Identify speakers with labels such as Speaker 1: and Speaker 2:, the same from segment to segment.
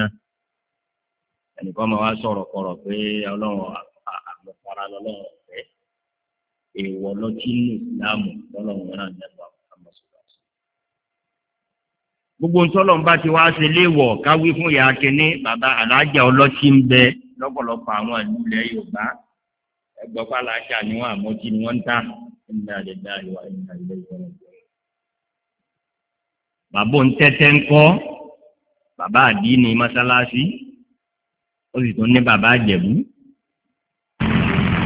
Speaker 1: náà ẹnìkan máa wá sọ̀rọ̀ kọ̀rọ̀ pé ọlọ́run àmọ̀fara lọ́lọ́run ọ̀fẹ́ èèwọ̀ lọ́tí ní ìsìláàmù lọ́lọ́run náà nípa àmọ̀sọ̀rọ̀sọ. gbogbo ntọ́lọ́n bá ti wá ṣe léèwọ̀ káwí fún ìyá kínní bàbá alájà ọlọ́tí ń bẹ lọ́pọ̀lọpọ̀ àwọn ìlú ilẹ̀ yorùbá ẹgbọ́pá alájà ni wọ́n àmọ́tí ni wọ́n ń ta ìgbà àdẹ̀dá ìwà ìgbà ìlẹ̀ ìwọ̀n bàbá òun tẹ́tẹ́ ńkọ́ bàbá àdí ní mọ́sálásí ó sì tún ní bàbá àjẹ̀bú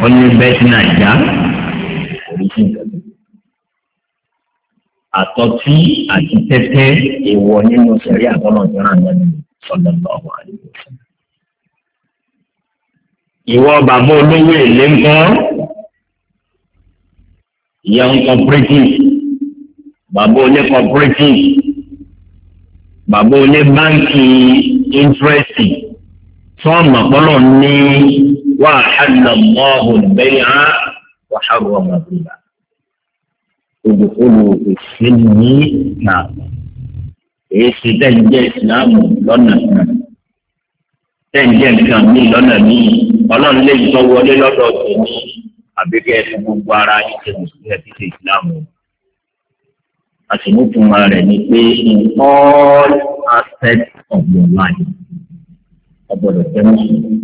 Speaker 1: ó ní bẹ́ẹ̀sì nàìjà oríṣi ìjọba àtọ́tí àti tẹ́tẹ́ èèwọ̀ nínú sẹ̀rí àtọ́nà tí wọ́n rán lẹ́nu sọ́dọ̀ lọ́wọ́ àdìgbò sọ́dọ̀.
Speaker 2: ìwọ bàbá olówó èlé ń kọ́
Speaker 1: ìyá ń cooperative bàbá oní cooperative. bàbá onye báńkì íńtírẹ́sì fọ́ọ̀mù ma ní wà hàlàmọ́ọ̀hùn bẹ́yà wà hàrọ̀mọ̀ bíyà olùkólu ìṣèlú ní náà èyí ṣe tẹ̀lé ìsìláàmù lọ́nà na tẹ̀lé nǹkan mí lọ́nà mí ọlọ́run lè sọ wọlé lọ́dọ̀ tèmi àbíkẹ́ fún gbogbo ara yìí ṣe mùsùlùmí ẹ̀ ṣe àtúntúmọ̀ rẹ̀ ni pé in all aspects of your life ọgbọ́dọ̀ jẹ́ mùsùlùmí.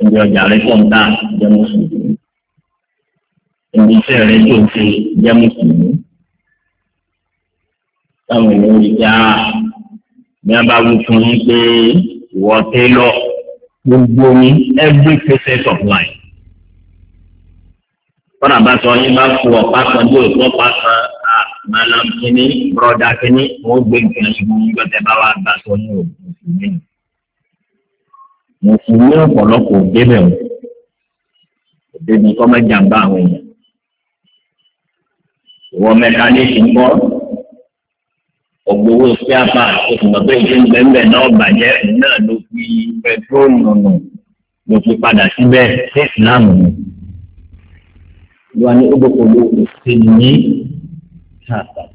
Speaker 1: Ibi ọjà rẹ̀ tó ń tà jẹ́ mùsùlùmí. Ibi iṣẹ́ rẹ̀ tó ń ṣe jẹ́ mùsùlùmí. Táwọn èèyàn rí já ah, bí a bá wí fún yín pé ìwọ télọ̀ gbogbo mi every process of life. Kọ́nà bá sọ yín bá fún ọ̀pá kan bí òtún ọ̀pá kan malam ini produk ini wọ́n gbé nǹkan ìlú nígbà tẹ́ bá wà gbà kalau ní òkú ìlú. kau ọ̀pọ̀lọpọ̀ òdébẹ̀ o òdébẹ̀ kọ́ máa jàǹbá àwọn èèyàn. ìwọ mẹkáníìkì ń bọ́ ògbówó síápà òṣùwọ̀n tó ìṣe ń bẹ́ẹ̀ náà fi pẹtrólù nù ló fi padà síbẹ̀ sí ni ó gbọ́kọ̀ ló tá a gbàgbọ́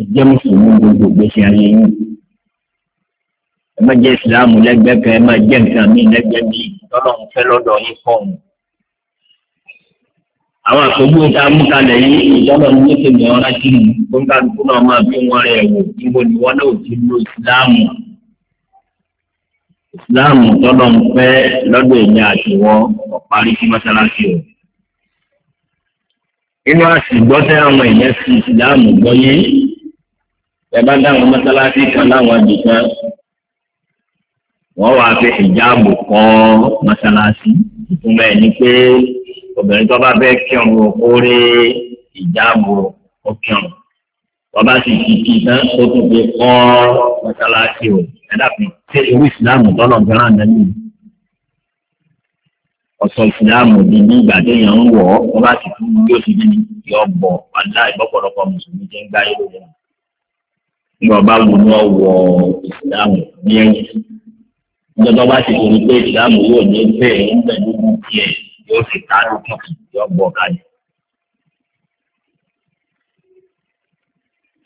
Speaker 1: ẹjẹ́ mùsùlùmí gbogbo gbèsè ayé yín ẹ má jẹ́ ìsìláàmù lẹ́gbẹ́ kan ẹ má jẹ́ nǹkan míì lẹ́gbẹ́ míì lọ́lọ́run fẹ́ lọ́dọ̀ yín fọ́ọ̀n
Speaker 2: àwọn àpòjú ta mú kalẹ̀ yìí ìjọba ní ní kébì ọ̀rá kiri
Speaker 1: tó ń kálukú náà máa bí wọn rẹ̀ wò níbo ni wọn náà ti lo ìsìláàmù ìsìláàmù tọ́lọ́ fẹ́ lọ́dọ̀ èmi àti wọn ọ̀parí sí mọ́sálásí o inú àsìgbọ́ tẹ àwọn èèyàn fi ìsìláàmù gbọ́ yé ẹ bá dáhùn mọ́sálásí kan láwọn ibì kan wọ́n wá fi ìjáàbò kọ́ mọ́sálásí ìtumọ̀ ẹ̀ ni pé obìnrin tó bá fẹ́ kírun ó rí ìjáàbò ó kírun wọ́n bá sì fi tán ó tún fi kọ́ mọ́sálásí o ẹ dàbí ṣé irú ìsìláàmù tọ́lọ̀ ń fẹ́ràn nínú ọ̀sọ̀ ìsìláàmù di ní ìgbà téèyàn ń wọ̀ ọ́ wọ́n bá sì tún yóò sì ní yọ bọ̀ wàhálà ìgbọ́pọ̀lọpọ̀ mùsùlùmí ti ń gbá yóò wọ̀ ìgbà ọba wù ní ọwọ́ ìsìláàmù ní ẹ̀yìn ìjọba bá sì torí pé ìsìláàmù yóò ní bẹ́ẹ̀ ń pẹ̀lú tiẹ̀ yóò sì ta lókè yọ bọ̀ kalẹ̀.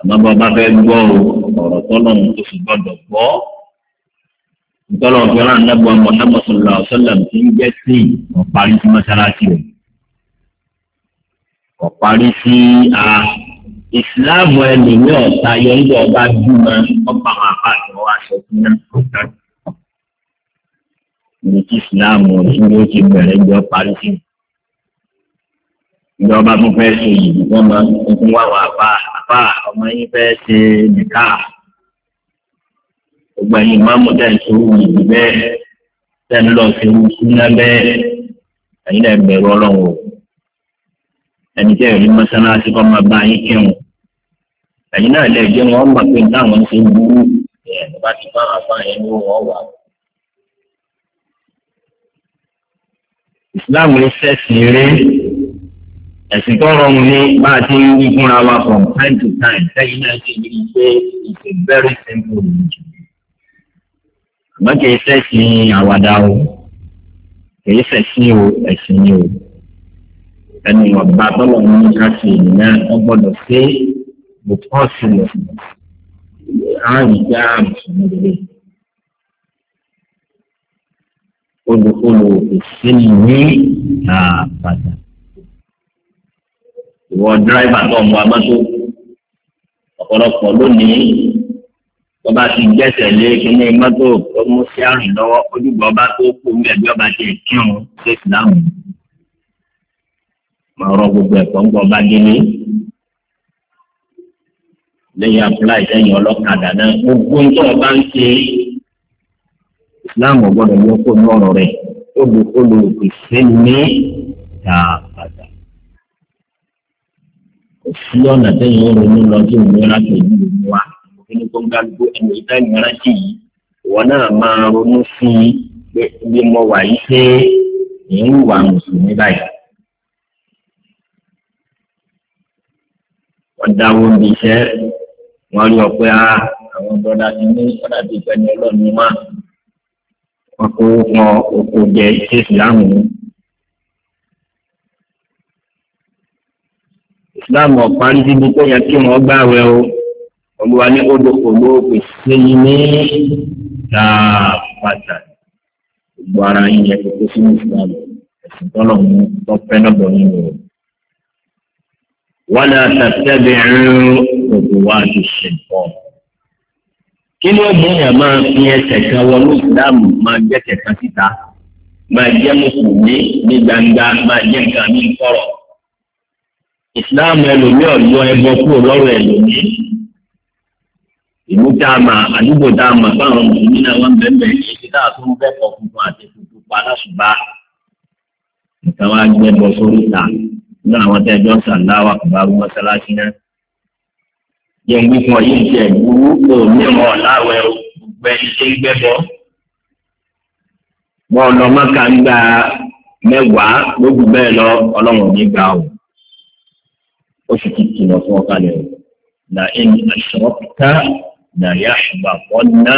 Speaker 1: àmọ́ bá fẹ́ gbọ́ ọ̀rọ̀ tọ́lọ́run ntọ́lọ̀ ọ̀fẹ́rẹ́ anábọ̀ Muhammad sallallahu alaihi wasallam ti ń jẹ́ sí ọ̀parí sí mọ́sálásí rẹ̀ ọ̀parí sí a ìsìláàmù ẹni ní ọ̀tá yọ̀ǹdọ̀ ọba bímọ ọba àpá àtọ̀ aṣọ fún náà ní ti ìsìláàmù ìlú ti bẹ̀rẹ̀ jọ parí sí ìjọba tó fẹ́ ṣe yìí wọ́n máa ń fún wa apá apá ọmọ yín fẹ́ ṣe nìkan gbogbo ẹ̀yin máàmù dá ìṣòro yìí bẹ́ẹ̀ tẹ́ ń lọ sí irú súná bẹ́ẹ̀ ẹ̀yin náà bẹ̀rù ọlọ́run o ẹni tẹ́ ẹ̀rí mọ́sálásí kọ́ máa bá yín kírun ẹ̀yin náà lè jẹ́ wọn mọ̀ pé táwọn ṣe ń burú ẹ̀ bá ti bá àfáàyè ní wọn wà. Islam ń ṣẹ̀sìn eré ẹ̀sìn tó rọrùn ní bá a ti ń wí fúnra wa from time to time sẹ́yìn náà ṣe yí pé it's a very simple religion ṣùgbọ́n kì í ṣẹ̀sìn àwàdà o kì í ṣẹ̀sìn o ẹ̀sìn ni o ẹni ọ̀gbà tọ́lọ̀ ní káṣí ìyá ọgbọ́dọ̀ ṣe bùkọ́ sílẹ̀ àyíká mùsùlùmí olùkọlù ìsinmi ní àpàtà ìwọ dírẹ́bà tó ń wá mọ́tò ọ̀pọ̀lọpọ̀ lónìí ọba ti gbẹ́sẹ̀ lé kíní mọ́tò tó mú sí àrùn lọ́wọ́ ojúbọ ọba tó kú ní ẹbí ọba ti kírun sí ìsìláàmù máa rọ gbogbo ẹ̀kọ́ ń bọ ọba délé lẹ́yìn apply lẹ́yìn ọlọ́kadà náà gbogbo ń tọ́ ọba ń ṣe ìsìláàmù gbọ́dọ̀ yọ kó ní ọ̀rọ̀ rẹ̀ olùpèsè ní tààpàtà kò sí ọ̀nà tẹ́yìn ó ronú lọ sí tó yí wa kíni tó ń gbàgbó ẹni ìdáyìí rántí yìí ìwọ náà máa ronú sí i bí mo wà yìí ṣe èyí wà mùsùlùmí báyìí. wọ́n dáwọ́ bí iṣẹ́ wọ́n rí ọpẹ́ á ah, àwọn bọ́dá ti ní bọ́dá ti pẹ́ ní ọlọ́run wá wọ́n kó wọn oko jẹ ṣéṣì láwùn. ìsìláàmù ọ̀parí síbi tó yẹ kí wọ́n gbàwẹ̀ o olùwà ní odò olóògbé sẹ́yìn ní dáàbàtà gbogbo ara yín yẹ kó kó sínú islam ẹ̀sìn tọ́lọ̀ mú tọ́pẹ́ náà bọ̀ nínú rẹ̀. wọ́n á tàtẹ́bẹ̀ gbogbo wa ti ṣe pọ̀. kí ni obìnrin máa fi ẹsẹ̀ kan wọnú islam máa jẹ́ kẹ̀kẹ́ síta máa jẹ́ mùsùlùmí ní gbangba máa jẹ́ nǹkan mi kọ̀rọ̀. islam ẹlòmíràn yọ ẹbọ kúrò lọ́rọ̀ ẹlòmíràn ìlú tá a mà àdúgbò tá a mà báwọn mùsùlùmí náà wọn bẹ bẹ èyí tá a tó ń bẹ kọ funfun àti funfun pa lásùbà nǹkan wá gbẹ bọ sórí ta nínú àwọn tẹ ẹjọ sàláwà kàbárù mọ́sálásí náà yẹ ń gbígbọn yìí jẹ ìwúrú kò nímọ láwẹ gbẹ ilé gbẹ bọ wọn lọ mọkà ń gba mẹ́wàá lójú bẹ́ẹ̀ lọ Ọlọ́run ní gbà ó ó sì ti fún ọkàlẹ la in ashraqta nàyà àgbàpọ̀ náà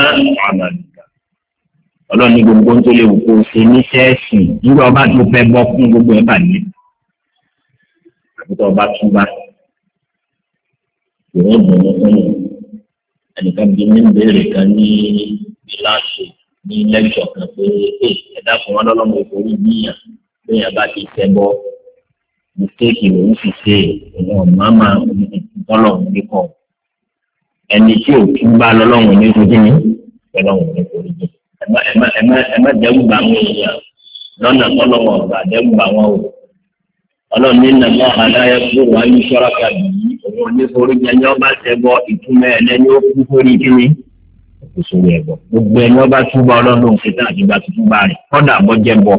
Speaker 1: àmàlùkà. ọlọ́run ní gbogbo tó lè wù kó o ṣe ní sẹ́ẹ̀sì nígbà ọba tó fẹ́ bọ́ fún gbogbo ẹ̀ bàjẹ́ àbúkọ ọba túbà ìwé ìbùnú fún ẹnìkan bí mi ń béèrè kan ní ìlàṣẹ ní lẹ́kṣọ̀ kan pé ẹ ẹ̀dá fún wọn lọ́lọ́mọ ìforí yíyàn pé ẹ bá ti tẹ bọ́ mistake lòún fi ṣe ìwọ̀n máma ọlọ́run nípa ọ̀ ẹni tí ò tún bá lọ́lọ́run ní ojú ní lọ́lọ́run ní orí jù ẹ má dẹ́rù bá àwọn èèyàn lọ́nà tọ́lọ́wọ́ ọ̀gbà dẹ́rù bá wọn o ọlọ́run ní nàmọ́ àdáyẹ kúrò wáyé sọ́ra kàbí òun ò ní forí jẹ ní ọba tẹ́gbọ́ ìtumọ̀ ẹ̀ lẹ́ni ó kú forí kíni kò sórí ẹ̀bọ gbogbo ẹni ọba túbọ̀ ọlọ́run fìtá àti ìgbà rẹ̀ kọ́dà bọ́ jẹ́ bọ́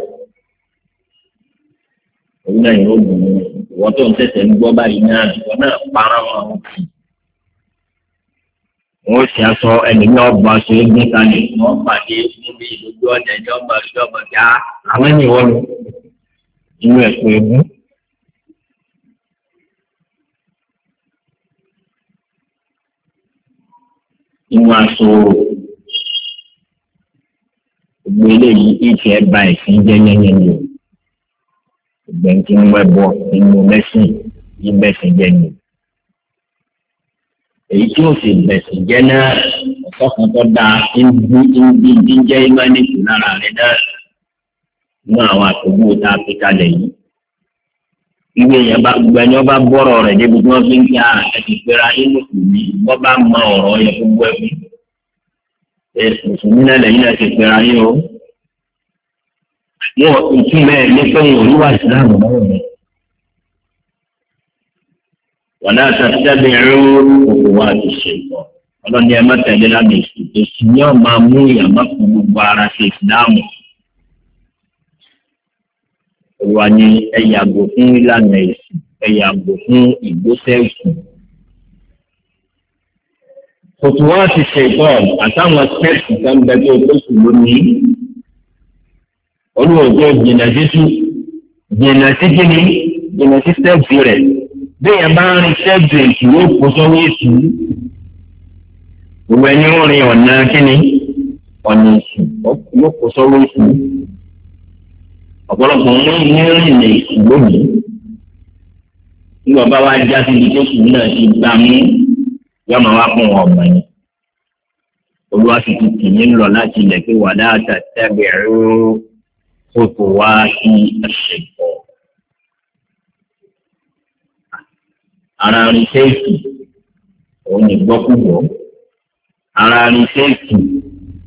Speaker 1: orílẹ̀ yìí ó dùn ún ìwọ́n tó ń tẹ̀sẹ̀ ń gbọ́ báyìí náà ìwọ́n náà parọ́ àwọn ọ̀hún sí i wọ́n sì aṣọ ẹni ní ọgbà aṣọ ẹgbẹ́ kalẹ̀ wọ́n pàdé níbi ìlójú ọ̀dẹ ìjọba ìjọba dá àwọn ẹni wọ́n inú ẹ̀sùn ẹ̀bú. inú aṣọ gbogbo eléyìí ìfẹ́ ba ẹ̀sìn jẹ́ yẹ́nyẹ́nyẹ́ ìgbẹ̀ntì inú mẹ́sìn yí mẹ́sìn jẹ́ yẹ́nyẹ́ èyí tí ó sì bẹ̀sì jẹ́ náà ọ̀pọ̀ kan tó dáa ń bí ń bí ń bí ń jẹ́ ìmánìkù lára rẹ̀ náà ní àwọn àtúgbò tá a fi kalẹ̀ yìí. Ibi èèyàn bá gbogbo ẹni ọba gbọ́rọ̀ rẹ̀ débi tí wọ́n ń kí ah, ẹ̀sìn pera inú kù mí wọ́n bá mọ ọ̀rọ̀ yẹn fún gbọ́ ẹ̀kú. Mùsùlùmí náà lẹ́yìn náà ti pera o. Wọ́n ìtumẹ̀ ẹ̀ ní pé ò wọ̀dà àtàtàbí ẹ̀rọ òkú wa ti ṣe ìtọ́ ọlọ́ni ẹ má tẹ̀lé lábẹ́ èsì èsì ni ọ̀ máa mú ìyàmá fún gbogbo ara ṣe ìsìláàmù olùwà ni ẹ yàgò fún ìlànà èsì ẹ yàgò fún ìgbésẹ̀ ìsìn kòtò wa ti ṣe ìtọ́ àtàwọn steps kan bẹ tó tó sùn lónìí olùwà jìnnà títú jìnnà títí jìnnà sí steps rẹ̀ béèyàn bá ń rin ṣẹ́ẹ̀dù èṣù yóò kó sọ́wọ́ èṣù ìwẹ̀ ni ó rin ọ̀nà kínní ọ̀nà èṣù yóò kó sọ́wọ́ èṣù ọ̀pọ̀lọpọ̀ ní rìn ní èṣù lónìí bí bàbá wa já sí ibi tó sùn náà ti gbà mú yóò máa wá fún wọn ọ̀gbà yẹn olúwa sì ti tì mí lọ láti ilẹ̀ pé wàdà àtàtà bẹ̀rù kókò wá sí ẹ̀ṣẹ̀ pọ̀. ara rin ṣéèkì òun ní gbọ́kúgbọ́ ara rin ṣéèkì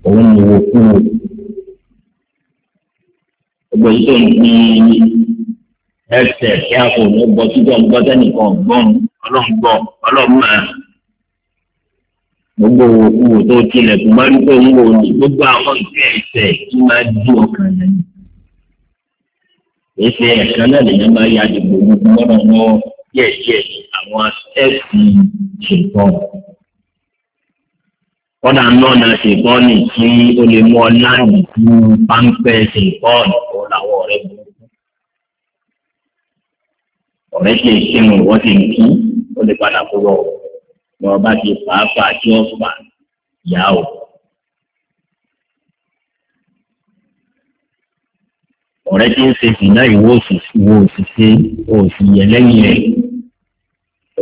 Speaker 1: òun ní wòkúwò gbogbo yìí tó ń ní ẹsẹ̀ kí a kò ní gbọ́ títọ́ ń gbọ́ sẹ́nìkan gbọ́n ọlọ́ngbọ́ ọlọ́mọ gbogbo òkúwò tó tilẹ̀ kò má rí pé ń wò ní gbogbo àwọn ìfẹ́ ẹsẹ̀ kí máa di ọkàn lẹ́yìn. èsì ẹ̀ka náà lèyìn máa yá àdìgbò gbogbo mọ́nà náà díẹ̀díẹ̀ ní àwọn ẹ̀sìn ṣùgbọ́n. kọ́dà lọ́nà ṣùgbọ́n ní tí ó lè mú ọ láàyè fún páńpẹ́ ṣùgbọ́n ó làwọn ọ̀rẹ́ burúkú. ọ̀rẹ́ ṣe ìṣẹ́nu wọ́n ti ń kí ó lè padà kúrò ní ọba ti pàápàá tí ó fà yá o. ọ̀rẹ́ tí ń ṣe ìdá ìwọ òṣìṣẹ́ òṣìṣẹ́ òṣìyẹ lẹ́yìn rẹ̀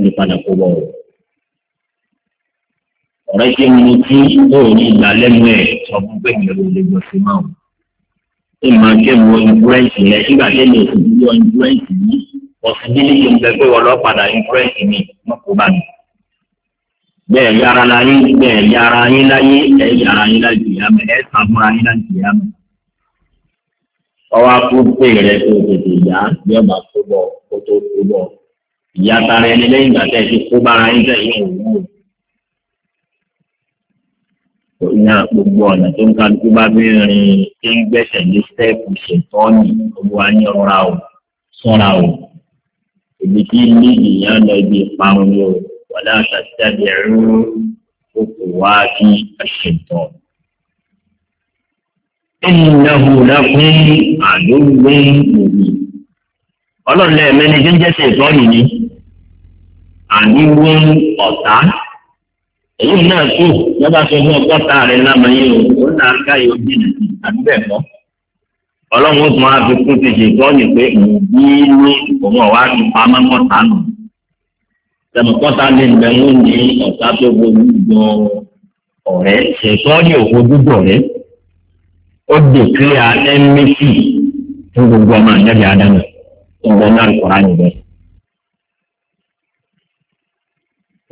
Speaker 1: olùpadà kó bọ̀ ọ́. ọ̀rẹ́ ṣe ń mu tí ó ní ìgbà lẹ́nu ẹ̀ sọ fún pé mi ò lè gbọ́ sí máa wò.
Speaker 2: ṣé màá ké wo ìfúrẹ́ǹsì rẹ nígbà tí mi ò sì
Speaker 1: bí wọ ìfúrẹ́ǹsì yìí pọ̀sibílítì ń bẹ pé wọ́n lọ padà ìfúrẹ́ǹsì mi mọ́kò bá mi. bẹ́ẹ̀ yára láyé bẹ́ẹ̀ yára yín láyé ẹ̀ yára yín láyé ìyámẹ́ ẹ̀ sàmúra yín láyé ìyámẹ́. ọwọ́ akú pé rẹ̀ tó tètè yá bí ọ ìyàtà rẹ ni lẹ́yìn ìgbà tẹ́ ẹ ti kó bára yín tẹ́ yín òwú. torí náà gbogbo ọ̀nà tó ń kálukú bá bí rin tí ń gbẹ̀sẹ̀ lé sẹ́ẹ̀pù ṣètọ́ọ̀nì gbogbo wa ní ọ̀rọ̀ àwò sọ́ra o. ibi tí níbi yẹn lọ ibi ìparun ni o wàlá àtàtàbí ẹ̀rú òkú wá sí àṣetọ̀. ìnáwó lápẹ́ àdógbé òbí ọlọ́run lẹ́ẹ̀mẹ́ni tó ń jẹ́ ṣètọ́ọ̀nì ni àníwó ọ̀tá èyí náà kù lọ́ba sọ fún ọgọ́ta rẹ̀ lámàyé o ó nà á ká yóò dín àbí bẹ́ẹ̀ kọ́ ọlọ́run ó tún á fi kún ti ṣètò ọ̀nì pé òbí ní òun ọ̀wá ti pa mọ́kọ́ta nù tẹ̀mọ̀kọ́ta lè bẹ̀rù ní ọ̀tá tó gbogbo gan ọ̀rẹ́ ṣètò ọ̀nì òkú gbogbo ọ̀rẹ́ ó dèkìlẹ̀ ẹ̀mẹ́sì fún gbogbo ọmọ àjẹbí ádámù ìgbẹ́ náà kọ́ra nìbẹ̀.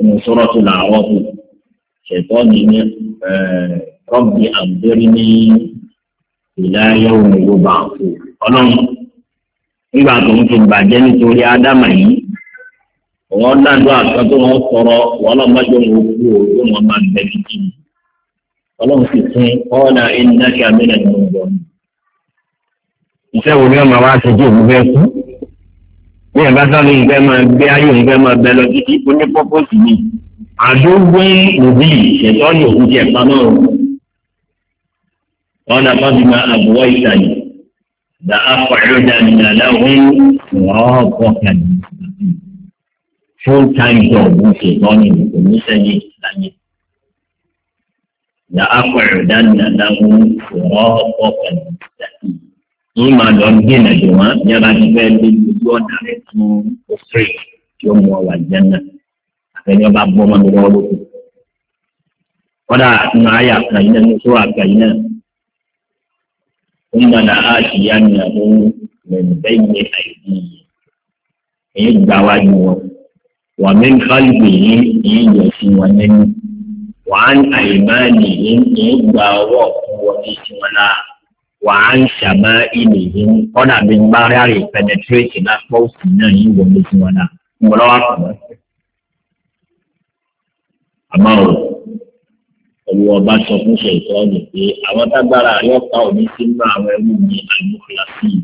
Speaker 1: nínú sọ́rọ́tù làárọ̀ tó ṣètọ́ ní ní rọ́bì àbúrí ní ìdáyẹ̀ òun ló bá kú ọlọ́run nígbà tó ń ti bàjẹ́ nítorí ádámà yìí wọ́n dájọ́ àtọ́ tó wọ́n sọ̀rọ̀ wọ́n lọ́ mọ́jọ́ wọn kú o tó wọ́n máa bẹ̀ títí ọlọ́run sì fún ọ́nà ẹni dákẹ́ abẹ́rẹ́ ìmọ̀ ìjọ ìfẹ́ wo ni ọmọ wa ṣe jẹ́ òun bẹ́ẹ̀ kú ní ẹ̀bá sáré ń fẹ́ máa gbé ayé ń fẹ́ máa bẹ lọ títí ó ní pọ́pọ́sì mi àdógbé òbí ṣẹ̀tọ́ òkú jẹ pamọ́ o. wọn náà bá fi máa àbúwọ́ ìsàlẹ̀ dá apá ìrọ̀dà nìyà láwọn ọ̀pọ̀ kan. full time job ń ṣètọ́ ní ìkòmíṣẹ́yìn ìsàlẹ̀ dá apá ìrọ̀dà nìyà láwọn ọ̀pọ̀ kan yìí máa lọ dènà jù wọn ní ọba tí fẹẹ lé lójú ọ̀nà rẹ fún òfin tí ó mú ọwà jẹ náà àfẹnì ọba bọ́ ọmọ mi lọ́wọ́ lókè. kọ́dà nínú àyà kan yìí náà ní sọ́wọ́ àgbà yìí náà ó ń nana àṣìyá ní àwọn mẹ̀lẹ́bẹ́ yìí àìdí yìí èyí gbà wá ju wọn. wà mí kálí yìí èyí yẹ sí wọn nínú wà á àyè máa nìyí èyí gbà ọwọ́ fún wọn ní tiwọn náà wà á ń ṣàmá ilé yìí kọ́dà bí n bá rárá ìpẹnẹtírétì lápá òsì náà yìí wọlé sí wọn náà mo lọ́wọ́ àpamọ́. àmọ́ o olú ọba sọ fún ṣètò ọ̀nà pé àwọn tágbára àyọ̀ká òní sínú àwọn ẹrú mi àyọ̀kọ̀lá sí i.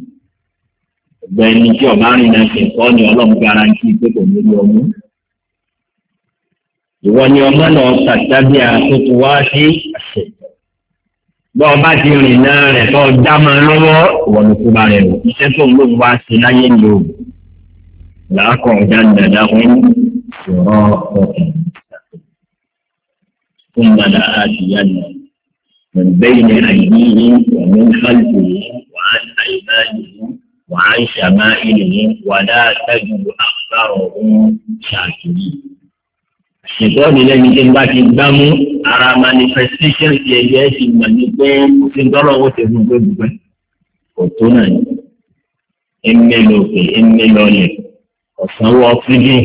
Speaker 1: ọ̀gbẹ́ ẹni tí ọba rìn náà ṣe kọ́ ni ọlọ́run garanti pé kò ní lọ mú. ìwọ ni ọmọ náà tàbí àtúntò wá bọ́ ọba ti rìn náà rẹ̀ tó dá máa lọ́wọ́ wọ̀n kó ba rẹ̀ wò iṣẹ́ tó ń lò wá sí láyé ni o làákọ̀ ọ̀dà dàda wọn sọ̀rọ̀ ọ̀kẹ́ fún bàdà àti yánà من بين أيديهم ومن خلفهم وعن أيمانهم وعن شمائلهم ولا تجد أكثرهم شاكرين ṣètọ́ni lẹ́ni tí n bá ti gbá mú ara manifestation ti ẹ̀jẹ̀ ti mọ̀ ní pé kò sí dọ́lọ̀ owó tẹ̀ fún pé dùgbẹ́ kò tó náà ni ẹ̀mẹ́lò pé ẹ̀mẹ́lò ọ̀lẹ̀ ọ̀sánwó ọ́fíìdì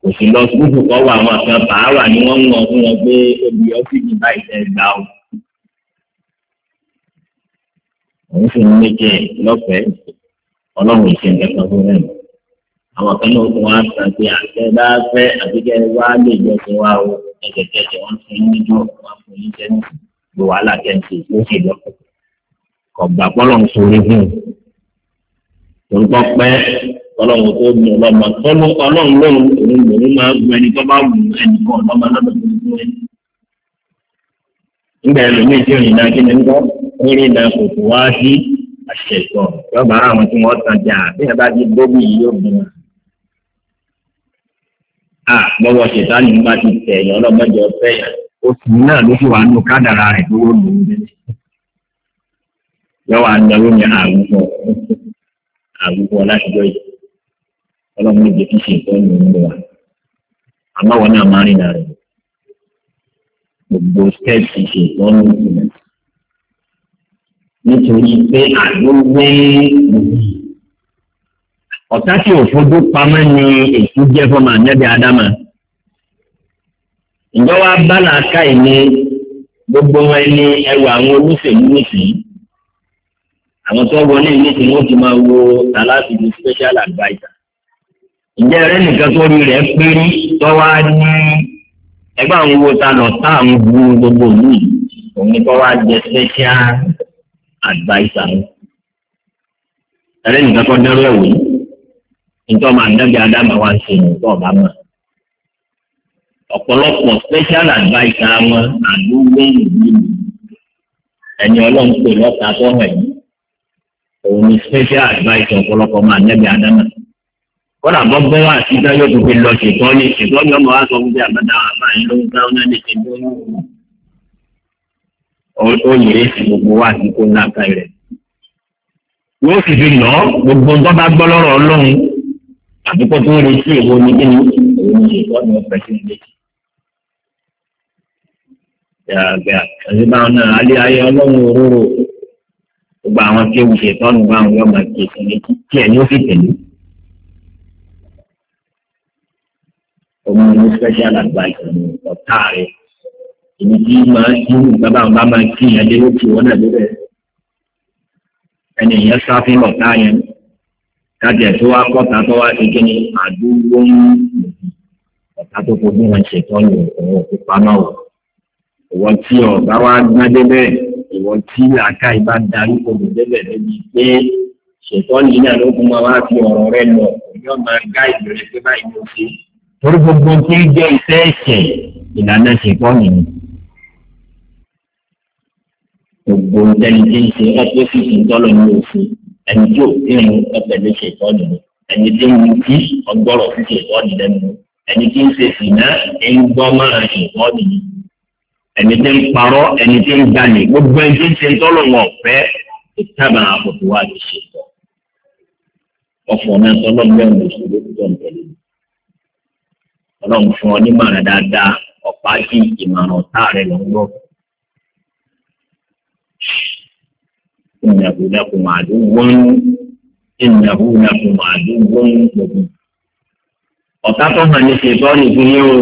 Speaker 1: kò sí lọ sùkúù kọ́ wà àwọn àfẹ́ bàárà ni wọ́n ń wọ̀n fún wọn pé obì ọ́fíìdì báyìí fẹ́ gbà ó. òun sì ń méjì lọ́fẹ̀ẹ́ ọlọ́run ìṣẹ̀lẹ̀ kan fún mẹ́rin àwọn kan náà tún wá sàn pé àtẹ bá fẹ́ àbíkẹ́ wá lè jẹ́ kí wá o ẹ̀jẹ̀kẹ̀jẹ̀ wọ́n fún yín níjọ́ wọ́n fún yín jẹ́ ní wàhálà kẹ́ǹtì ó sì lọ́kọ̀ kọ̀gbà pọ́lọ̀ ń sori fún un torúkọ pẹ́ ọlọ́run tó gbìn ọlọ́mọ tọ́lú ọlọ́run lóhùn òun lòún máa gbọ́ ẹni tó bá wù ẹnì kan ọlọ́mọ lọ́dọ̀ tó ń gbé nígbà ẹlòmíì tí òyìn náà kí ni ń gbọ́ ó rí ìlà kòkò wá sí àṣẹ ìtọ̀ yọ̀ọ́ bàárà àwọn tí wọ́n tàn jà bí ẹ bá ti gbógun yìí yóò gbìyànjú à lọ́wọ́ ṣètánì nígbà tí tẹ̀yàn ọlọ́mọdé ọ̀fẹ́ yẹn oṣù náà ló sì wà nù kádàrà rẹ̀ tó lóun lòún bẹ́ẹ̀. yọ̀wọ̀ àdàwọ̀ ni àwùjọ àwùjọ láṣìjọ́ yìí ọlọ́mọdé kì í ṣe ìtọ́ ìlú wa àmọ́ wọn náà máa rìn rẹ̀ gbogbo stẹ́ẹ̀sì ṣe ìtọ́ ìlú nítorí pé àdó wẹ́ẹ́ ọ̀tá tí òfojú pamọ́ ni èkú jẹ́ fọmọ ànábì ádámà ǹjọ́ wa bá làákà yìí ní gbogbo wọn ní ẹrù àwọn olóṣèlú nìsín àwọn tó wọlé nìsín wọn ti máa wo aláàbìlú special adviser ǹjẹ́ rẹ nìkan tó rí rẹ̀ pé tọ́wá ní ẹgbẹ́ àwọn owó ta lọ tá àwọn bu gbogbo yìí òun ni tọ́wá jẹ special adviser rẹ nìkan tó dẹ́rù ẹ̀wò yìí nítorí ọmọ àdájọ adáma wa ń ṣe nǹkan ọba mọ ọ̀pọ̀lọpọ̀ special adviser wọn àdúgbò ìlú ẹni ọlọ́run lọ́ta tó hàn yìí òun ni special adviser ọ̀pọ̀lọpọ̀ ọmọ àdájọ adáma kọ́dà bọ́ bọ́ wá sí dájọ́ tó fi lọ ṣètọ́ ní ṣètọ́ ní ọmọ wa sọ fún bí àbádá àbá yìí ló ń dáwọ́ náà ní ṣètọ́ ní òun ó yẹ èsì gbogbo wa sí kó ń láǹkà rẹ̀ yóò sì fi lọ gbogbo ń bá gbọ́ lọ́rọ̀ ọlọ́run àdúgbò tó retí èwo ni kí ni èwo ni ìtọ́ni opportunity. Yàgbẹ́ àti báwọn náà alẹ́ ayé ọlọ́run òróró gbogbo àwọn tí ewu ṣètọ́nù bá àwọn yọ̀ọ́ máa ṣe tẹ̀lé tí ẹ̀ ní ó fi tẹ̀lé. Òun ni special advice ni ọ̀tá rẹ̀. Èmi tí máa ń kí bàbá àwọn bá máa kí ìyẹn lé lókè wọn náà lébẹ̀. Ẹni ìyẹn sáfì ọ̀tá yẹn láti ẹ̀tọ́ wa kọ́ta tó wá ṣe kíni àdúgbò ń ọ̀tá tó fojú wọn ṣètọ́ ní òun òkú pamọ́ o ìwọ tí ọ̀gá wa gbá débẹ̀ ìwọ tí àká ìbá darí kòmù débẹ̀ lóbi pé ṣètọ́ yìí náà ló fún wa wá fi ọ̀rọ̀ rẹ lọ òní ọ̀gá gá ìbẹ̀rẹ̀ pé báyìí ló ṣe torí gbogbo tí ń jẹ́ iṣẹ́ ẹ̀ṣẹ̀ ìlànà ṣètọ́ yìí gbogbo tẹni tí ẹni tí ò dínrún ọ̀tẹ̀lẹ̀ ṣètọ́ ni ẹni tí ń wí ọgbọ́rọ̀ sí ṣètọ́ ni lẹ́nu ẹni tí ń ṣe sìnà ń gbọ́ máa ṣètọ́ ni ẹni tí ń parọ́ ẹni tí ń jalè gbogbo ẹni tí ń ṣe tọ́lọ̀ wọn ọ̀fẹ́ ìtàbà àbùkù wa ti ṣètọ́ ọ̀fọ̀ náà tọ́lọ̀ mẹ́rin òṣèlú tó ń tẹ̀lé ọlọ́run fún ọ ní màrà dáadáa ọ̀pá sí ìmọ̀ràn ọ̀tá rẹ̀ lọ́wọ́ إنه لكم عدو إنه لكم عدو مبين ọ̀tá tó hàn ní ṣètọ́ nìkúnyé o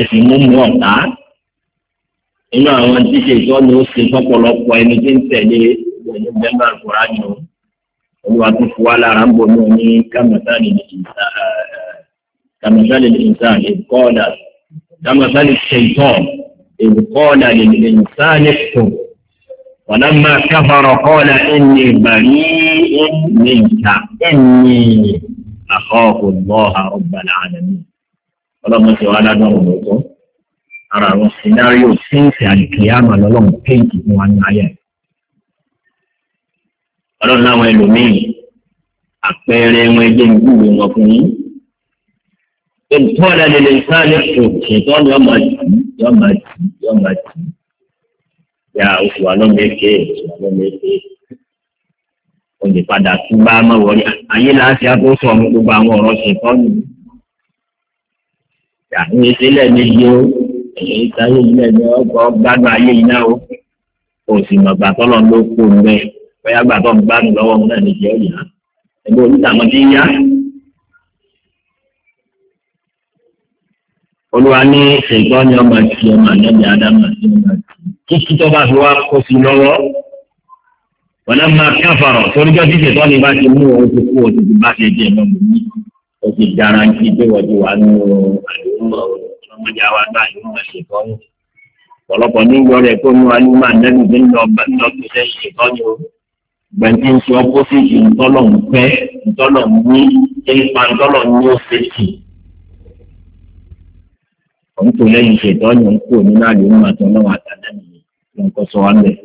Speaker 1: ẹ̀sìn mú mú ọ̀tá inú àwọn tí ṣètọ́ ni ó ṣe fọ́pọ̀lọpọ̀ ẹni tí ń tẹ̀lé ẹni bẹ́ẹ̀ kúrá ni o olùwà tó fi wá lára ń bomi ní kàmẹ́sàlì ìsàn ìkọ́ọ̀dà kàmẹ́sàlì ṣètọ́ ìkọ́ọ̀dà ìsàn ìkọ́ọ̀dà. ولما كفر قال إني بريء منك إني أخاف الله رب العالمين ọlọ́mọ ti wá ládọ́rùn lọ́tọ́ ara àwọn sinario sínsì àdìkìyàmà lọ́lọ́run péǹkì fún wa ní ayé ọlọ́run láwọn ẹlòmíì àpẹẹrẹ wọn ẹgbẹ́ ìgbìmọ̀ wọn fún yín ètò ọ̀la lè lè sáré ṣètò ọ̀la yọ̀ọ́ máa tì yọ̀ọ́ máa tì yọ̀ọ́ máa tì yà wà ló mèké wà ló mèké olùpadà tún bá má wọlé ayé láti àkóso ọmọ gbogbo àwọn ọ̀rọ̀ ṣètọ́nù àwọn ìṣẹ̀lẹ̀ méjì ó èyí sáyé ilẹ̀ ní ọgbà gbádùn ayé yìí náà ó kò sì mọ̀ gbàtọ́ lọ ló kó mbẹ bóyá gbàtọ́ gbádùn lọ́wọ́ wọn náà nìjẹ́ ọ̀yà ẹgbẹ́ onítàwọn ti yá. olúwa ní ṣètọ́nù ọmọ tí ọmọ ànábì ádámà sí ọmọ tí títí tó bá fi wá kó sí lọ́wọ́ wọn náà máa káfàrọ̀ toríjọ́ títí tó ní bá ti mú òun ti kú òun ti bá ṣe jẹ́ ẹ̀mọ́ mi ní ti dára ń kí pé wọ́n ti wà nínú àdúgbò ọmọdé àwa náà yóò máa ṣe kọ́ yìí ọ̀pọ̀lọpọ̀ ní ìyọ rẹ̀ tó mú alú máa nẹ́nu ń lọ bá gbẹ̀ntì ń ṣe ọ́pọ́sìtì ńtọ́lọ̀ ń pẹ́ ńtọ́lọ̀ ń ní ipa ńtọ́lọ̀ ń ní òṣèṣì òun tó lẹ́yìn ìṣètọ́jú ń kó nínú àdéhùn àtọ́nà nǹkan sọ wá bẹ̀.